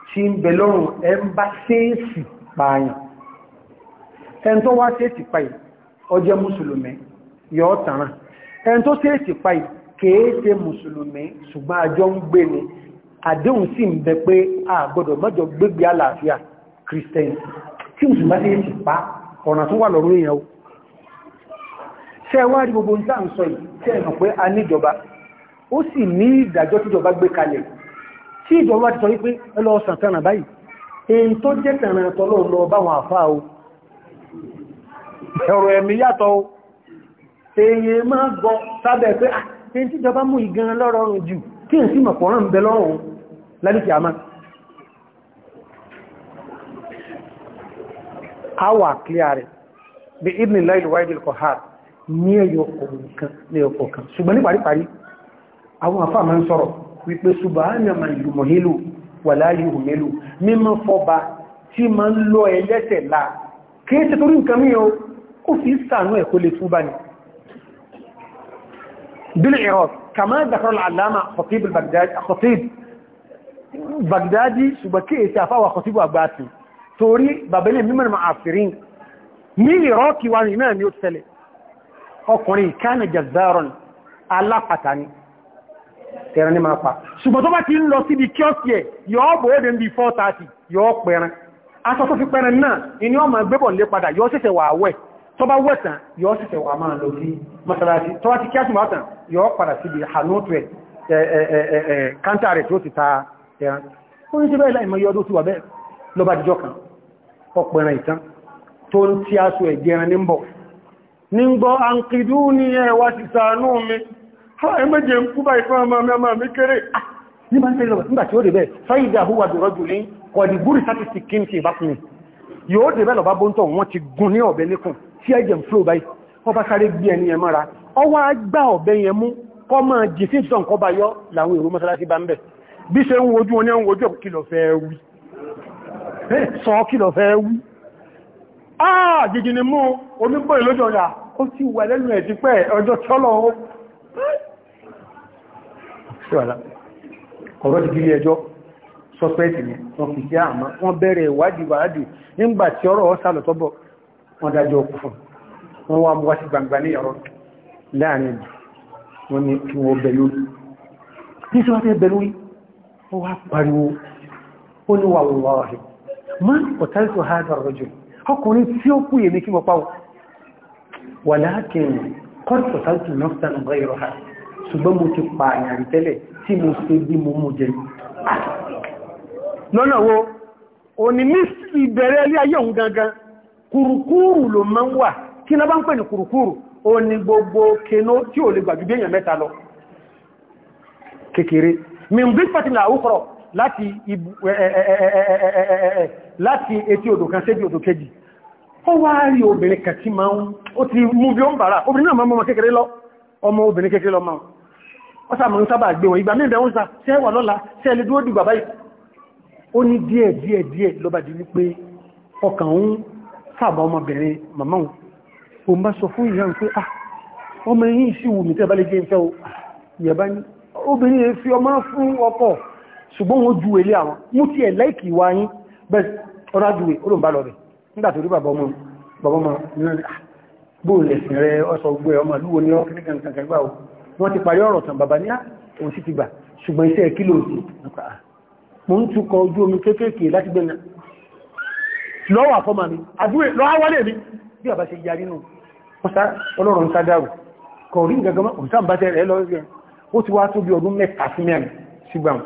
tí ń bẹ lọ́rùn ẹmbá séèsì pààyàn ẹn tó wá séèsì pàì ọjẹ́ mùsùlùmí yọ tàràn ẹn tó séèsì pàì kéèsè mùsùlùmí ṣùgbọ́n àjọ ń gbé ni àdéhùn sì ń bẹ pé a gbọ́dọ̀ mọ́jọ gbégbé àlàáfíà Christian tí mùsùlùmí bá sí pa ọ̀nà tó wà lọ́rọ̀ èèyàn ṣe wá rí gbogbo nta ń sọ yìí tẹ́ ẹ̀nà pé a níjọba ó sì ní ìdájọ́ tíjọba gbé kalẹ̀ tí ìjọba ti sọ wípé ẹlọ ọ̀sán tẹ́ràn báyìí èyí tó jẹ́ tẹ̀ràn tọ́lọ́ lọ báwọn o ẹ̀rọ ẹ̀mí o èyí máa gbọ́ sábẹ̀ pé àti ah, tíjọba mú ìgan lọ́rọ̀rùn jù kí n sì mọ̀pọ̀rán ń bẹ lọ́rùn lálìkì àwà clear rẹ̀ bí ibn lail wáìdì kọ̀hár ní ẹyọ kọ̀ọ̀kan ní ọkọ̀ kan ṣùgbọ́n ní paríparí àwọn àfà máa ń sọ̀rọ̀ wípé subahánàmà ìlú mọ̀hílù wà láyé òmìnirù mímọ́ fọba tí ma ń lọ ẹlẹ́tẹ̀ láà kìí ṣe torí nǹkan míyàn ó fi sàánú ẹ̀kọ́ lè túbá ni bil torí bàbẹ́lẹ̀ mímọ̀ ma àfirin ní ìrọ́kì wa ní náà ni ó tẹ́lẹ̀ ọkùnrin ìkánà jazzaron alápàtà ni tẹ́rẹ ní máa pa ṣùgbọ́n tó bá ti ń lọ síbi kíọ́sì ẹ̀ yọ́ bò ó dẹ̀ ń bí 430 yọ́ pẹran aṣọ tó fi pẹran náà inú ọmọ ẹgbẹ́bọ̀ lé padà yọ́ ṣẹ̀ṣẹ̀ wà wẹ̀ tó bá wẹ̀ tán yọ́ ṣẹ̀ṣẹ̀ wà máa lọ sí mọ́sálásí tó bá ti kíásì wà tán yọ́ padà síbi hanótù ẹ̀ kántà rẹ̀ tó ti ta ẹran ó ní ṣe bẹ́ẹ̀ láì mọ́ yọ́ ọpẹ̀rẹ̀ ìtàn tó ń tí a so ẹ̀gẹ̀rẹ̀ ní bọ̀ ní gbọ́ àǹkìdú ah, ní ẹwà ti sàánú mi ẹmẹ́jẹ̀ ń kúbà ìfẹ́ ọba sáré gbí ẹni ẹmọ́ra ọwọ́ agbá ọ̀bẹ yẹn mú kọ́ máa jì sí ìtọ́ nǹkan bá yọ́ làwọn èrò mọ́sálásí bá ń bẹ̀ bí ṣe ń wojú wọn ní ẹ̀wọ̀n wojú ọ̀kìlọ̀ fẹ́ wí sọ kí lọ fẹ́ wú ah jìjì ni mú onígbò ìlójọ ya ó ti wà lẹ́nu ẹ̀ ti pẹ́ ọjọ́ tọ́lọ ọ̀rọ̀ ti kiri ẹjọ́ sọpẹ́ẹ̀tì ni wọ́n fi sí àmá wọ́n bẹ̀rẹ̀ ìwádìí ó ní wà wọ́n wá ma kọtàlù hádà rọjò ọkùnrin tí ó kú yèmí kí mọ́ pàwọ́ wà láàkín kọ́t kọtàlù nọ́fẹ́sàn ọ̀gá ìrọ̀ ha ṣùgbọ́n mo ti pa àyàrí tẹ́lẹ̀ tí mo ṣe bí mo mú jẹ lọ́nà wo òní ní ìbẹ̀rẹ̀ ilé ayé òun gangan kùrùkùrù ló máa ń wà kí lọ bá ń pè ní kùrùkùrù ó ní gbogbo kenó tí ò lè gbàjú bí èèyàn mẹ́ta lọ kékeré mi ń bí pàtìlà àwúkọ̀rọ̀ láti etí odò kan sébi odò kejì ó wá rí obìnrin kan tí máa ń ó ti mú bí ó ń bàrá obìnrin náà máa kékeré lọ ọmọ obìnrin kékeré lọ máa ó sáà mọ̀rún sábà gbé wọn ìgbà mẹ́rin ó sà sẹ́wà lọ́la sẹ́ẹ̀lẹ́ dúró dìgbà báyìí ó ní díẹ̀ ah ọmọ yìí sì wù mí tẹ́ bá lè jẹ́ ìfẹ́ ṣùgbọ́n wọ́n ju ilé àwọn mú ti ẹ̀ láìkì wá yín bẹ́ẹ̀ ọ̀rọ̀ àjúwe ó ló ń bá lọ rẹ̀ nígbà tó rí bàbá ọmọ bàbá ọmọ ah, bó lẹ̀sìn rẹ ọsọ gbé ọmọ lúwo ní ọkùnrin nìkan kankan gbà wọ́n ti parí ọ̀rọ̀ tàn bàbá ní ah, òun sì ti gbà ṣùgbọ́n iṣẹ́ kí ló sì ah, mo ń tukọ̀ ojú omi kéékèèké láti gbẹ̀nà lọ́wọ́ àfọ́mà mi àdúwẹ̀ lọ́wọ́ wálé mi bí àbá ṣe yarí nù ọlọ́run sádàrù kọ̀ọ̀rí nǹkan gan mọ́ òun ó ti wá tó bí ọdún mẹ́ta sí mẹ́rin sígbàmù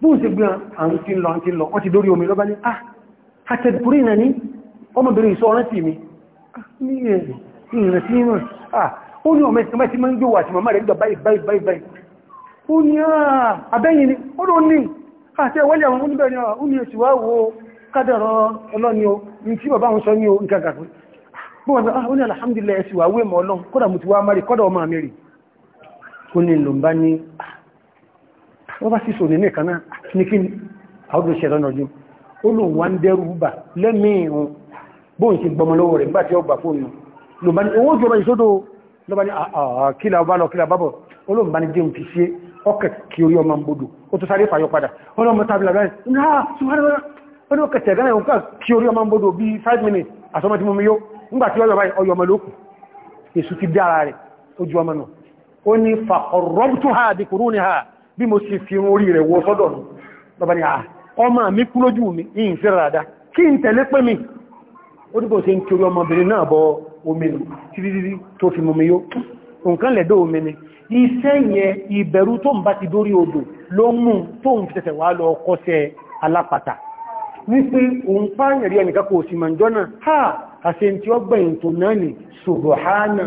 bó ṣe gbé àwọn tí ń lọ àti lọ wọ́n ti dórí omi lọ́bá ní ah àtẹ̀kùrí náà ah, ní ọmọbìnrin ìṣọ́ ọ̀rán tì mí ní ìrìnà sí ah ó ní ọmọ ìsinmi ti ń gbé wà ah, ah, tí wọ́n bá sísò nílé kan náà ní kí ni àwọn ìṣẹ̀lẹ̀ ọ̀nà ọdún ó lòun wá ń dẹ́rù bà lẹ́mìíràn bóun ṣe gbọmọ lọ́wọ́ rẹ̀ nígbà tí ó gbà fóònù ló bá ní owó ìjọba ìṣódò ló bá ní ah, ah, ah, kílà ọba lọ kílà bábọ̀ ó lòun bá ní jẹun ti ṣe ọkẹ̀ 5 minutes àsọmọ́ tí mo mi yó nígbà tí ọyọ̀ ọmọ lókù èsù ti dára rẹ̀ ojú ọmọ ha àdìkùrú ni ha bí mo ṣe fi orí rẹ̀ wọ sọ́dọ̀ nù lọ́bà ní àà ọmọ mi kú lójú mi yìí sí rádá kí n tẹ̀lé pé mi ó dìbò ṣe ń kiri ọmọbìnrin náà bọ omi nù títí tó fi mọ̀mí yó nǹkan lẹ̀dọ́ omi ni iṣẹ́ yẹn ìbẹ̀rù tó ń bá ti dórí odò ló mú tó ń fẹ́sẹ̀ wá lọ kọ́sẹ̀ alápàtà wípé òun pààyàn ha àṣẹ tí ó gbẹ̀yìn tó náà ni ṣùgbọ̀hánà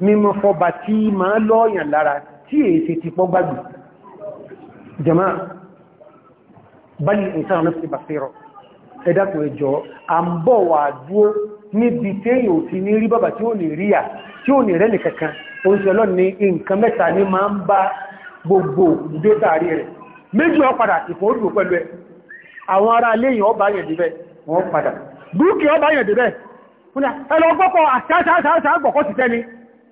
mímọ̀ fọba tí ma lọ́ọ̀yàn lára tí èyí ṣe ti pọ́ gbàgbì jama bali ìsára náà ti bà fẹ́rọ ẹ̀dàkùn ẹjọ́ a ń bọ̀ wà dúó níbi tẹ́yìn ò ti ní rí bàbà tí ó ní rí à tí ó ní rẹ̀ ní kankan oúnjẹ lọ ní nǹkan mẹ́ta ní ma ń bá gbogbo ìdó tààrí rẹ̀ méjì ọ padà ìfọ́ òdùn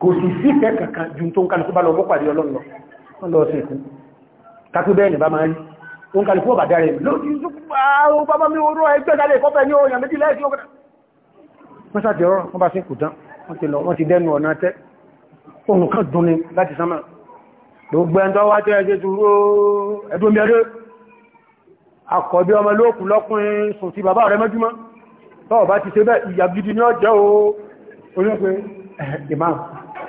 kò sì sí fẹ́ kankan jù tó ń kálukú bá lọ mọ́pàdé ọlọ́nà lọ sí ikú takú bẹ́ẹ̀ ni bá máa ń ó ń kálukú ọ̀bà dáre lójú ó bá bá mi oró ẹgbẹ́ dálé kọ́fẹ́ ní òyìn méjì lẹ́ẹ̀sí ọkọ̀dá wọ́n sá ti ọ̀rọ̀ wọ́n bá sí kù tán wọ́n ti lọ wọ́n ti dẹnu ọ̀nà tẹ́ ohun kan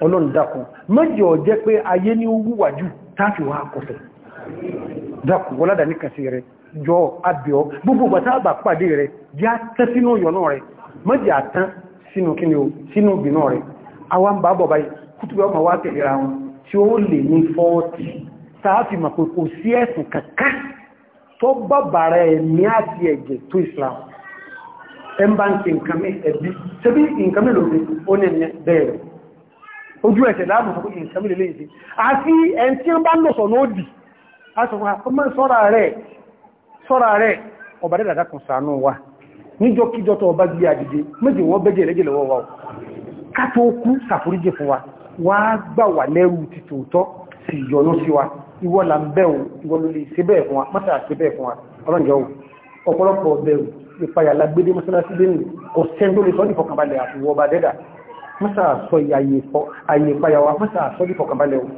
ọlọ́run mẹ́jọ jẹ́ pé ayé ní wúwàjú táàfi wá kọsẹ̀ dákun wọ́ládà ní kàsí rẹ̀ jọ abẹ́ọ́ gbogbo gbàtàbà pàdé rẹ̀ jẹ́ tẹ́ sínú yọ̀nà rẹ̀ mẹ́jẹ àtán sínú kíni o sínú ìgbìnà rẹ̀ awa ń bá bọ̀ báyìí kútùbẹ́ ọmọ nǹkan mẹ́ ẹ̀bí ṣe bí nǹkan ó ní ojú ẹ̀sẹ̀ láàmù sọ pé ìsẹ́mì lè léèdè àti ẹn tí ó bá ń lọ́sọ̀ lóòdì sọ́ra rẹ̀ ọba dẹ́dàdà kan sàánú wa níjọ kíjọ tó ọba gbé àdìdé méjì wọ́n bẹ́jẹ̀ ẹ̀lẹ́jẹ̀ lọ́wọ́ wa ká wa wá gbà wà lẹ́rù títòótọ́ sì yọnú sí wa ìwọ là ń bẹ̀rù ìwọ ló lè ṣe bẹ́ẹ̀ fún wa mọ́tà ṣe bẹ́ẹ̀ fún wa ọlọ́njọ́ ọ̀pọ̀lọpọ̀ bẹ̀rù ìpayà lágbédé mọ́sálásí lẹ́nu ọ̀sẹ́ tó lè sọ́ nífọ̀kànbalẹ̀ àfiwọ́ dẹ́dà mọ́sà sọ àyè ìpayàwà mọ́sà sọ bí fọkànbalẹ̀ o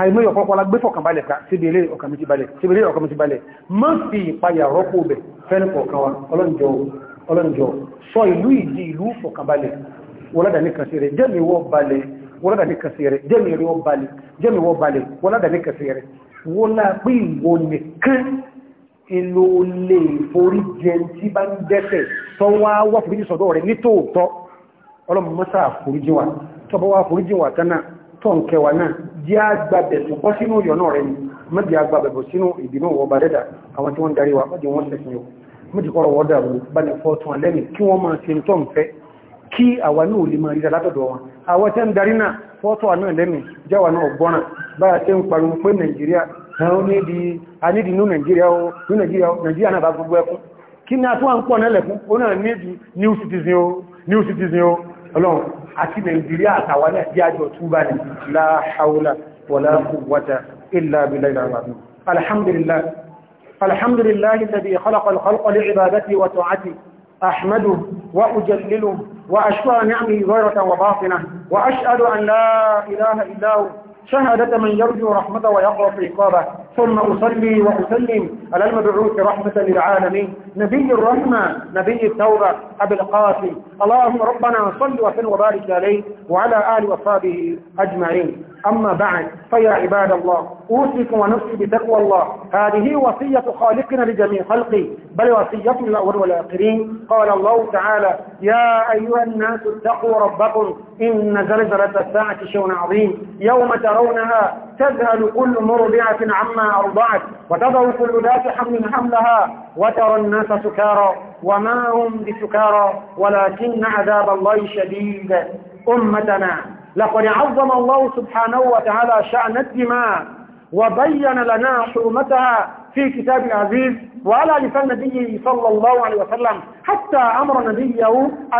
àìmọ́ ìyọ̀kọ́ pọ́lá gbé fọkànbalẹ̀ ká bele o ọkàn mi ti balẹ̀ má fi ìpayà rọ́pò bẹ̀ fẹ́lẹ̀kọ̀ọ̀kan wa ọlọ́njọ́ sọ ìlú ìdí ìlú fọkànbalẹ̀ wọ́lọ́dà ní kàṣẹ́ rẹ̀ jẹ́mi wọ́ balẹ̀ wọ́lọ́dà ní kàṣẹ́ rẹ̀ jẹ́mi rẹ̀ balẹ̀ jẹ́mi wọ́ balẹ̀ wọ́lọ́dà ní kàṣẹ́ rẹ̀ wọ́lá pé ìwọ nìkan ìlò lè forí jẹ tí bá ń dẹ́ṣẹ̀ tọ́wọ́ wà forí sọ́dọ̀ rẹ̀ nítòótọ́ ọlọ́mọ mọ́sá àforíjíwà tọ́bọ́ wá àforíjíwà tánà tọ́ nkẹwà náà jẹ́ àgbàbẹ̀ tó bọ́ sínú ìyọ̀nà rẹ̀ ni mẹ́bí àgbàbẹ̀ bọ̀ sínú ìbínú ọba dẹ́dà àwọn tí wọ́n darí wa mọ́jẹ́ wọ́n sẹ̀sìn yóò mọ́jẹ́ kọ́rọ̀ wọ́dà rú bá ní fọ́tún alẹ́mì kí wọ́n máa ṣe tọ́ nfẹ́ kí àwa náà lè máa rí látọ̀dọ̀ wọn àwọn tẹ́ ń darí náà fọ́tọ̀ náà lẹ́mì jáwa náà gbọ́nà bá a ṣe ń pariwo pé nàìjíríà àwọn nídi anídi nú nàìjíríà ó nú nàìjíríà ó nàìjíríà náà bá gbogbo ẹkún kí ni a tún wà ń pọ̀ nílẹ̀kún ó náà nídi new citizen new citizen ọlọ́run àti nàìjíríà àtàwọn náà bí àjọ túbà ní la hawla wala quwwata illa billahi al-azim alhamdulillah alhamdulillah alladhi khalaqa al-khalqa li'ibadatihi وأشهد أن لا إله إلا هو من يرجو رحمته ويقرأ في عقابه ثم أصلي وأسلم على المبعوث رحمة للعالمين نبي الرحمة نبي التوبة أبي القاسم اللهم ربنا صل وسلم وبارك عليه وعلى آله وصحبه أجمعين أما بعد فيا عباد الله أوصيكم ونفسي بتقوى الله هذه وصية خالقنا لجميع خلقه بل وصية الأول والآخرين قال الله تعالى يا أيها الناس اتقوا ربكم إن زلزلة الساعة شيء عظيم يوم ترونها تذهل كل مربعة عما أرضعت وتضع كل ذات حمل حملها وترى الناس سكارى وما هم بسكارى ولكن عذاب الله شديد أمتنا لقد عظم الله سبحانه وتعالى شأن الدماء وبين لنا حرمتها في كتاب عزيز وعلى لسان نبيه صلى الله عليه وسلم حتى أمر نبيه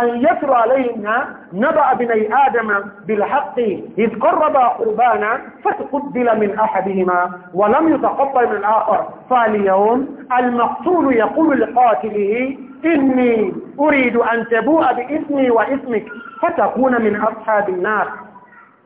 أن يترى علينا نبأ بني آدم بالحق إذ قرب قربانا فتقبل من أحدهما ولم يتقبل من الآخر فاليوم المقتول يقول لقاتله إني أريد أن تبوء باسمي واسمك فتكون من أصحاب النار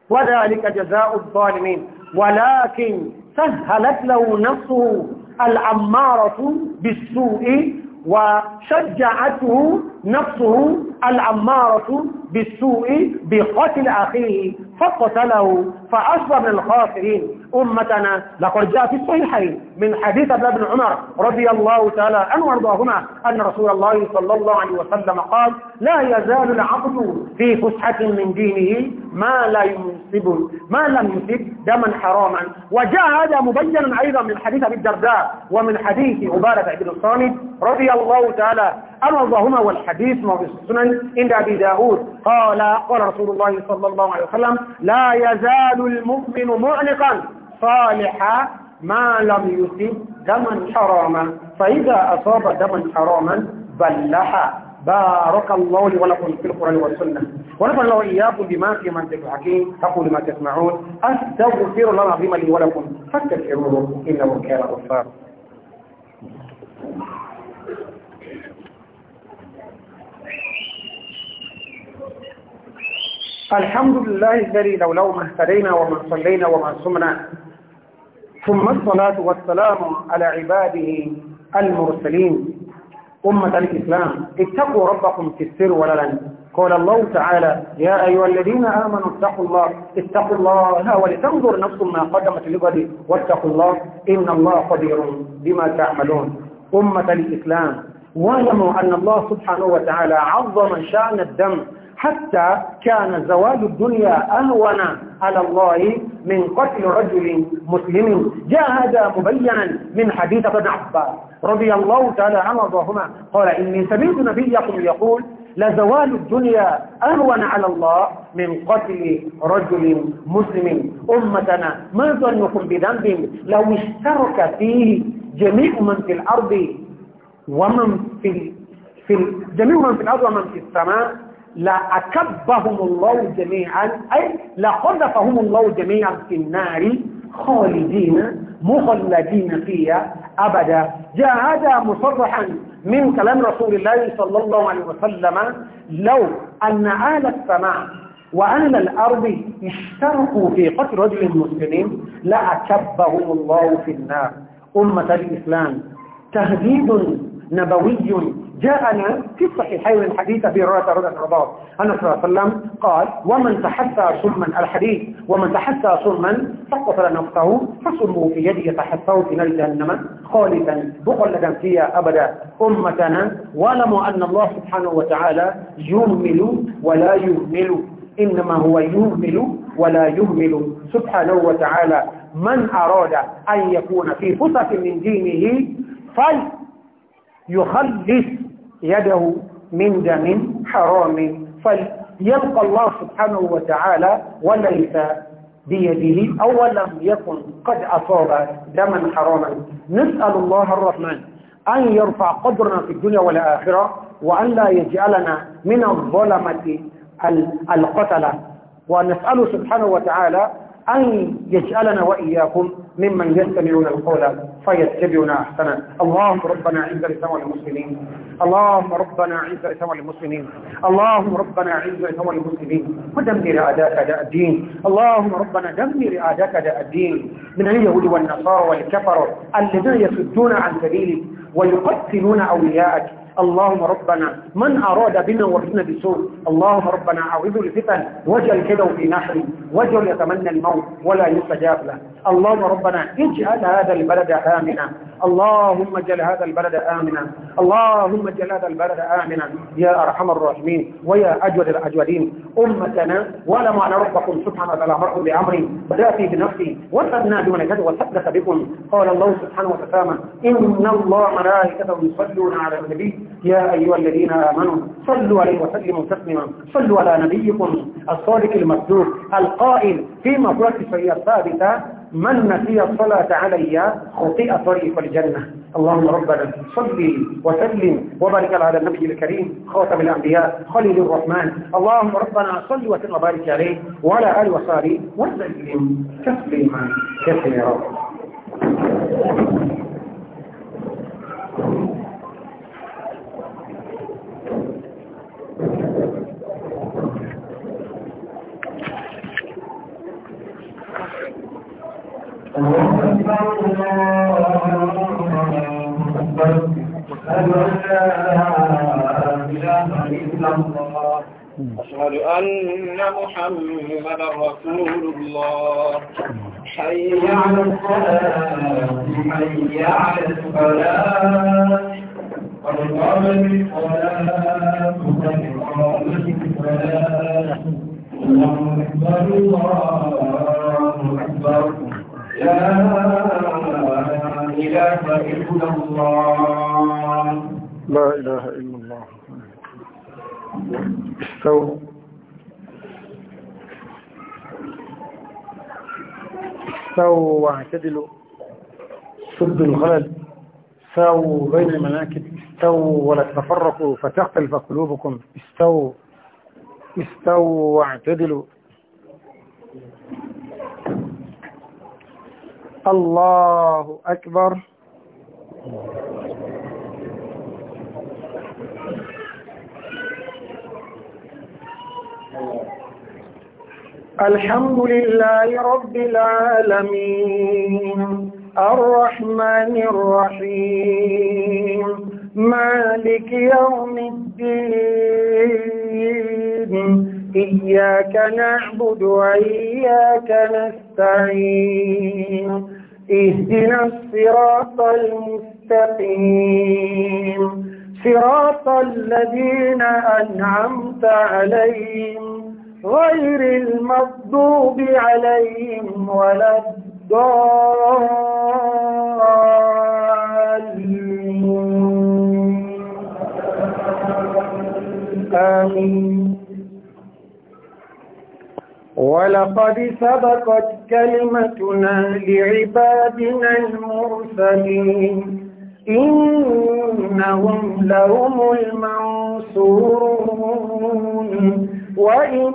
وذلك جزاء الظالمين ولكن سهلت له نفسه الأمارة بالسوء وشجعته نفسه الأمارة بالسوء بقتل أخيه فقتله فأصبح من الخاسرين أمتنا لقد جاء في الصحيحين من حديث ابن عمر رضي الله تعالى عنه وارضاهما أن رسول الله صلى الله عليه وسلم قال لا يزال العبد في فسحة من دينه ما لا ينسب ما لم ينسب دما حراما وجاء هذا مبينا أيضا من حديث أبي الدرداء ومن حديث عبادة بن الصامت رضي الله تعالى عنه اللهم والحديث في السنن عند أبي داود قال قال رسول الله صلى الله عليه وسلم لا يزال المؤمن معلقا صالحا ما لم يصب دما حراما فإذا أصاب دما حراما بلحا بارك الله لي ولكم في القرآن والسنة ونفع الله إياكم بما في منطق الحكيم تقول ما تسمعون أستغفر الله العظيم لي ولكم فاستغفروه إنه كان غفار الحمد لله الذي لو لو ما اهتدينا وما صلينا وما سمنا ثم الصلاة والسلام على عباده المرسلين أمة الإسلام اتقوا ربكم في السر لن قال الله تعالى يا أيها الذين آمنوا اتقوا الله اتقوا الله ولتنظر نفس ما قدمت لغد واتقوا الله إن الله قدير بما تعملون أمة الإسلام واعلموا أن الله سبحانه وتعالى عظم شأن الدم حتى كان زواج الدنيا أهون على الله من قتل رجل مسلم جاء هذا مبينا من حديث ابن عباس رضي الله تعالى عنه وارضاهما قال إني سمعت نبيكم يقول لزوال الدنيا أهون على الله من قتل رجل مسلم أمتنا ما ظنكم بذنب لو اشترك فيه جميع من في الأرض ومن في, في جميع من في الأرض ومن في السماء لأكبهم الله جميعا أي لقذفهم الله جميعا في النار خالدين مخلدين فيها أبدا جاء هذا مصرحا من كلام رسول الله صلى الله عليه وسلم لو أن أهل السماء وأهل الأرض اشتركوا في قتل رجل المسلمين لأكبهم الله في النار أمة الإسلام تهديد نبوي جاءنا في الصحيحين من حديث أبي هريرة رضي الله عنه أن صلى الله عليه وسلم قال ومن تحسى صلما الحديث ومن تحسى صلما فقتل نفسه فصلوا في يده يتحسوا في نار جهنم خالدا مخلدا فيها أبدا أمتنا واعلموا أن الله سبحانه وتعالى يهمل ولا يهمل إنما هو يهمل ولا يهمل سبحانه وتعالى من أراد أن يكون في فسق من دينه يخلص يده من دم حرام فليبقى الله سبحانه وتعالى وليس بيده أو لم يكن قد أصاب دما حراما نسأل الله الرحمن أن يرفع قدرنا في الدنيا والآخرة وأن لا يجعلنا من الظلمة القتلة ونسأله سبحانه وتعالى أن يجعلنا وإياكم ممن يستمعون القول فيتبعنا أحسنا اللهم ربنا عز الاسلام والمسلمين اللهم ربنا عز الاسلام والمسلمين اللهم ربنا عز الاسلام والمسلمين ودمر اعداءك اعداء الدين اللهم ربنا دمر اعداءك اعداء الدين من اليهود والنصارى والكفر الذين يصدون عن سبيلك ويقتلون اولياءك اللهم ربنا من أراد بنا وفينا بسوء اللهم ربنا أعوذ الفتن وجل كده في نحري وجل يتمنى الموت ولا يستجاب له اللهم ربنا اجعل هذا البلد آمنا اللهم اجعل هذا البلد آمنا اللهم اجعل هذا البلد آمنا يا أرحم الراحمين ويا أجود الأجودين أمتنا ولم على ربكم سبحانه وتعالى أمركم بأمري بدأت بنفسي بمن يجد وصدق بكم قال الله سبحانه وتعالى إن الله ملائكته يصلون على النبي يا أيها الذين آمنوا صلوا عليه وسلموا تسليما صلوا على نبيكم الصادق المصدوق القائل في مفرق الشريعة الثابتة من نسي الصلاة علي خطئ طريق الجنة اللهم ربنا صل وسلم وبارك على النبي الكريم خاتم الأنبياء خليل الرحمن اللهم ربنا صل وسلم وبارك عليه وعلى آله وصحبه وسلم تسليما كثيرا أشهد أن محمد رسول الله حي على الصلاة حي على الصلاة قد قامت الصلاة قد الصلاة الله أكبر الله أكبر لا إله إلا الله لا إله إلا الله استووا استووا واعتدلوا سد الغلل استووا بين المناكب استووا ولا تفرقوا فتختلف قلوبكم استووا استووا واعتدلوا الله أكبر الحمد لله رب العالمين الرحمن الرحيم مالك يوم الدين إياك نعبد وإياك نستعين اهدنا الصراط المستقيم صراط الذين أنعمت عليهم غير المغضوب عليهم ولا الضالين آمين ولقد سبقت كلمتنا لعبادنا المرسلين إنهم لهم المنصورون وإن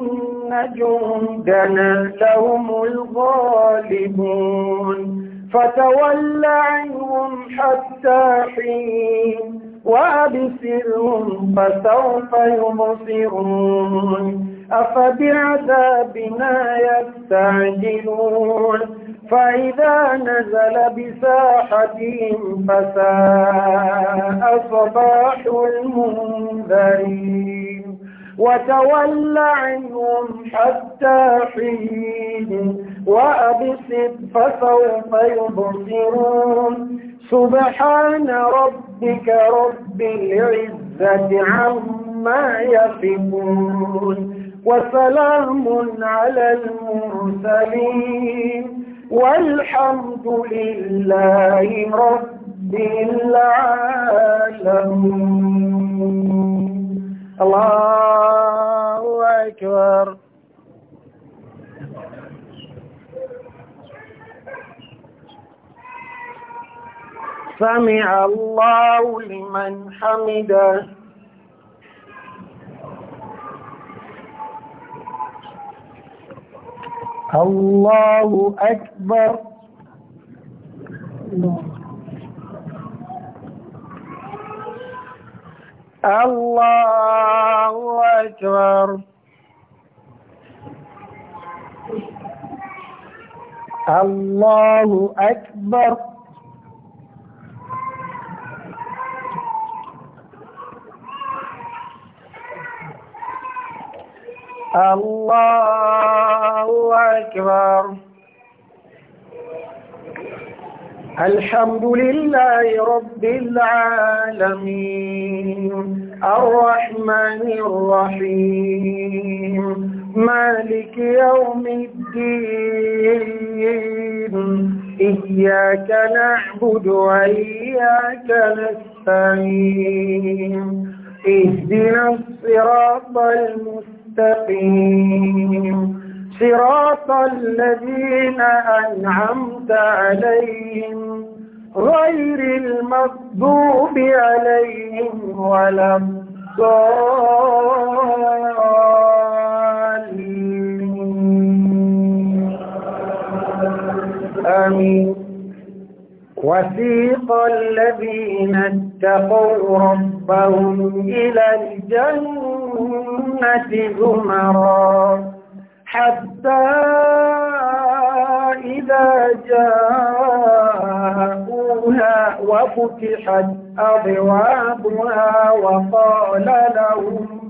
جندنا لهم الغالبون فتول عنهم حتى حين وأبصرهم فسوف يبصرون أفبعذابنا يستعجلون فإذا نزل بساحتهم فساء صباح المنذرين وتول عنهم حتى حين وأبصر فسوف يبصرون سبحان ربك رب العزة عما يصفون وسلام على المرسلين والحمد لله رب العالمين الله أكبر سمع الله لمن حمده الله أكبر الله الله أكبر الله أكبر الله أكبر الحمد لله رب العالمين الرحمن الرحيم مالك يوم الدين إياك نعبد وإياك نستعين اهدنا الصراط المستقيم صراط الذين أنعمت عليهم غير المغضوب عليهم ولا الضالين آمين وثيق الذين اتقوا ربهم إلى الجنة زمرا حتى إذا جاءوها وفتحت أبوابها وقال لهم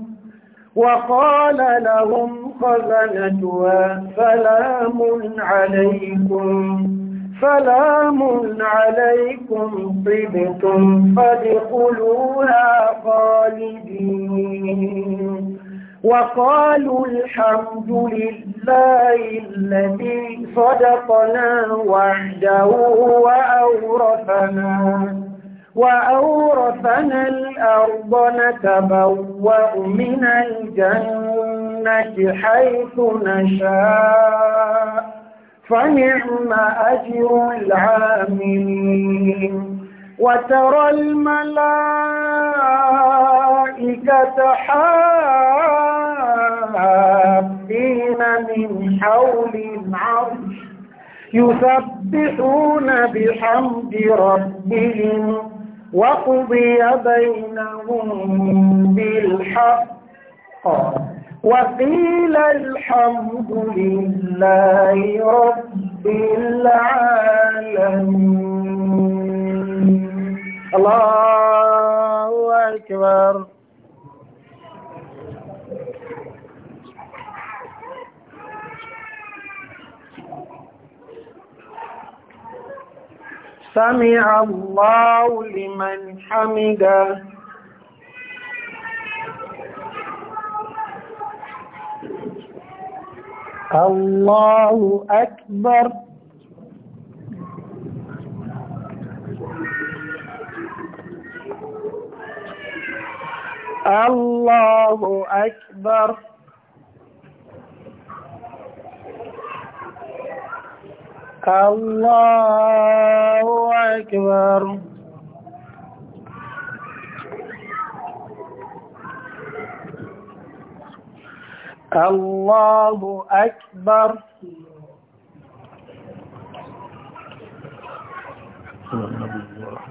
وقال لهم خزنتها سلام عليكم سلام عليكم طبتم فادخلوها خالدين وقالوا الحمد لله الذي صدقنا وعده وأورثنا وأورثنا الأرض نتبوأ من الجنة حيث نشاء فنعم أجر العاملين وترى الملائكة حافين من حول العرش يسبحون بحمد ربهم وقضي بينهم بالحق وقيل الحمد لله رب العالمين الله أكبر سمع الله لمن حمده الله أكبر الله أكبر الله أكبر الله أكبر الله أكبر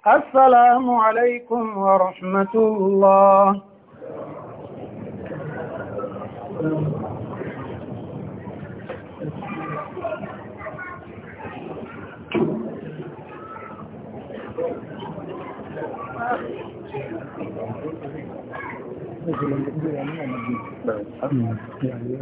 السلام عليكم ورحمة الله Thank you.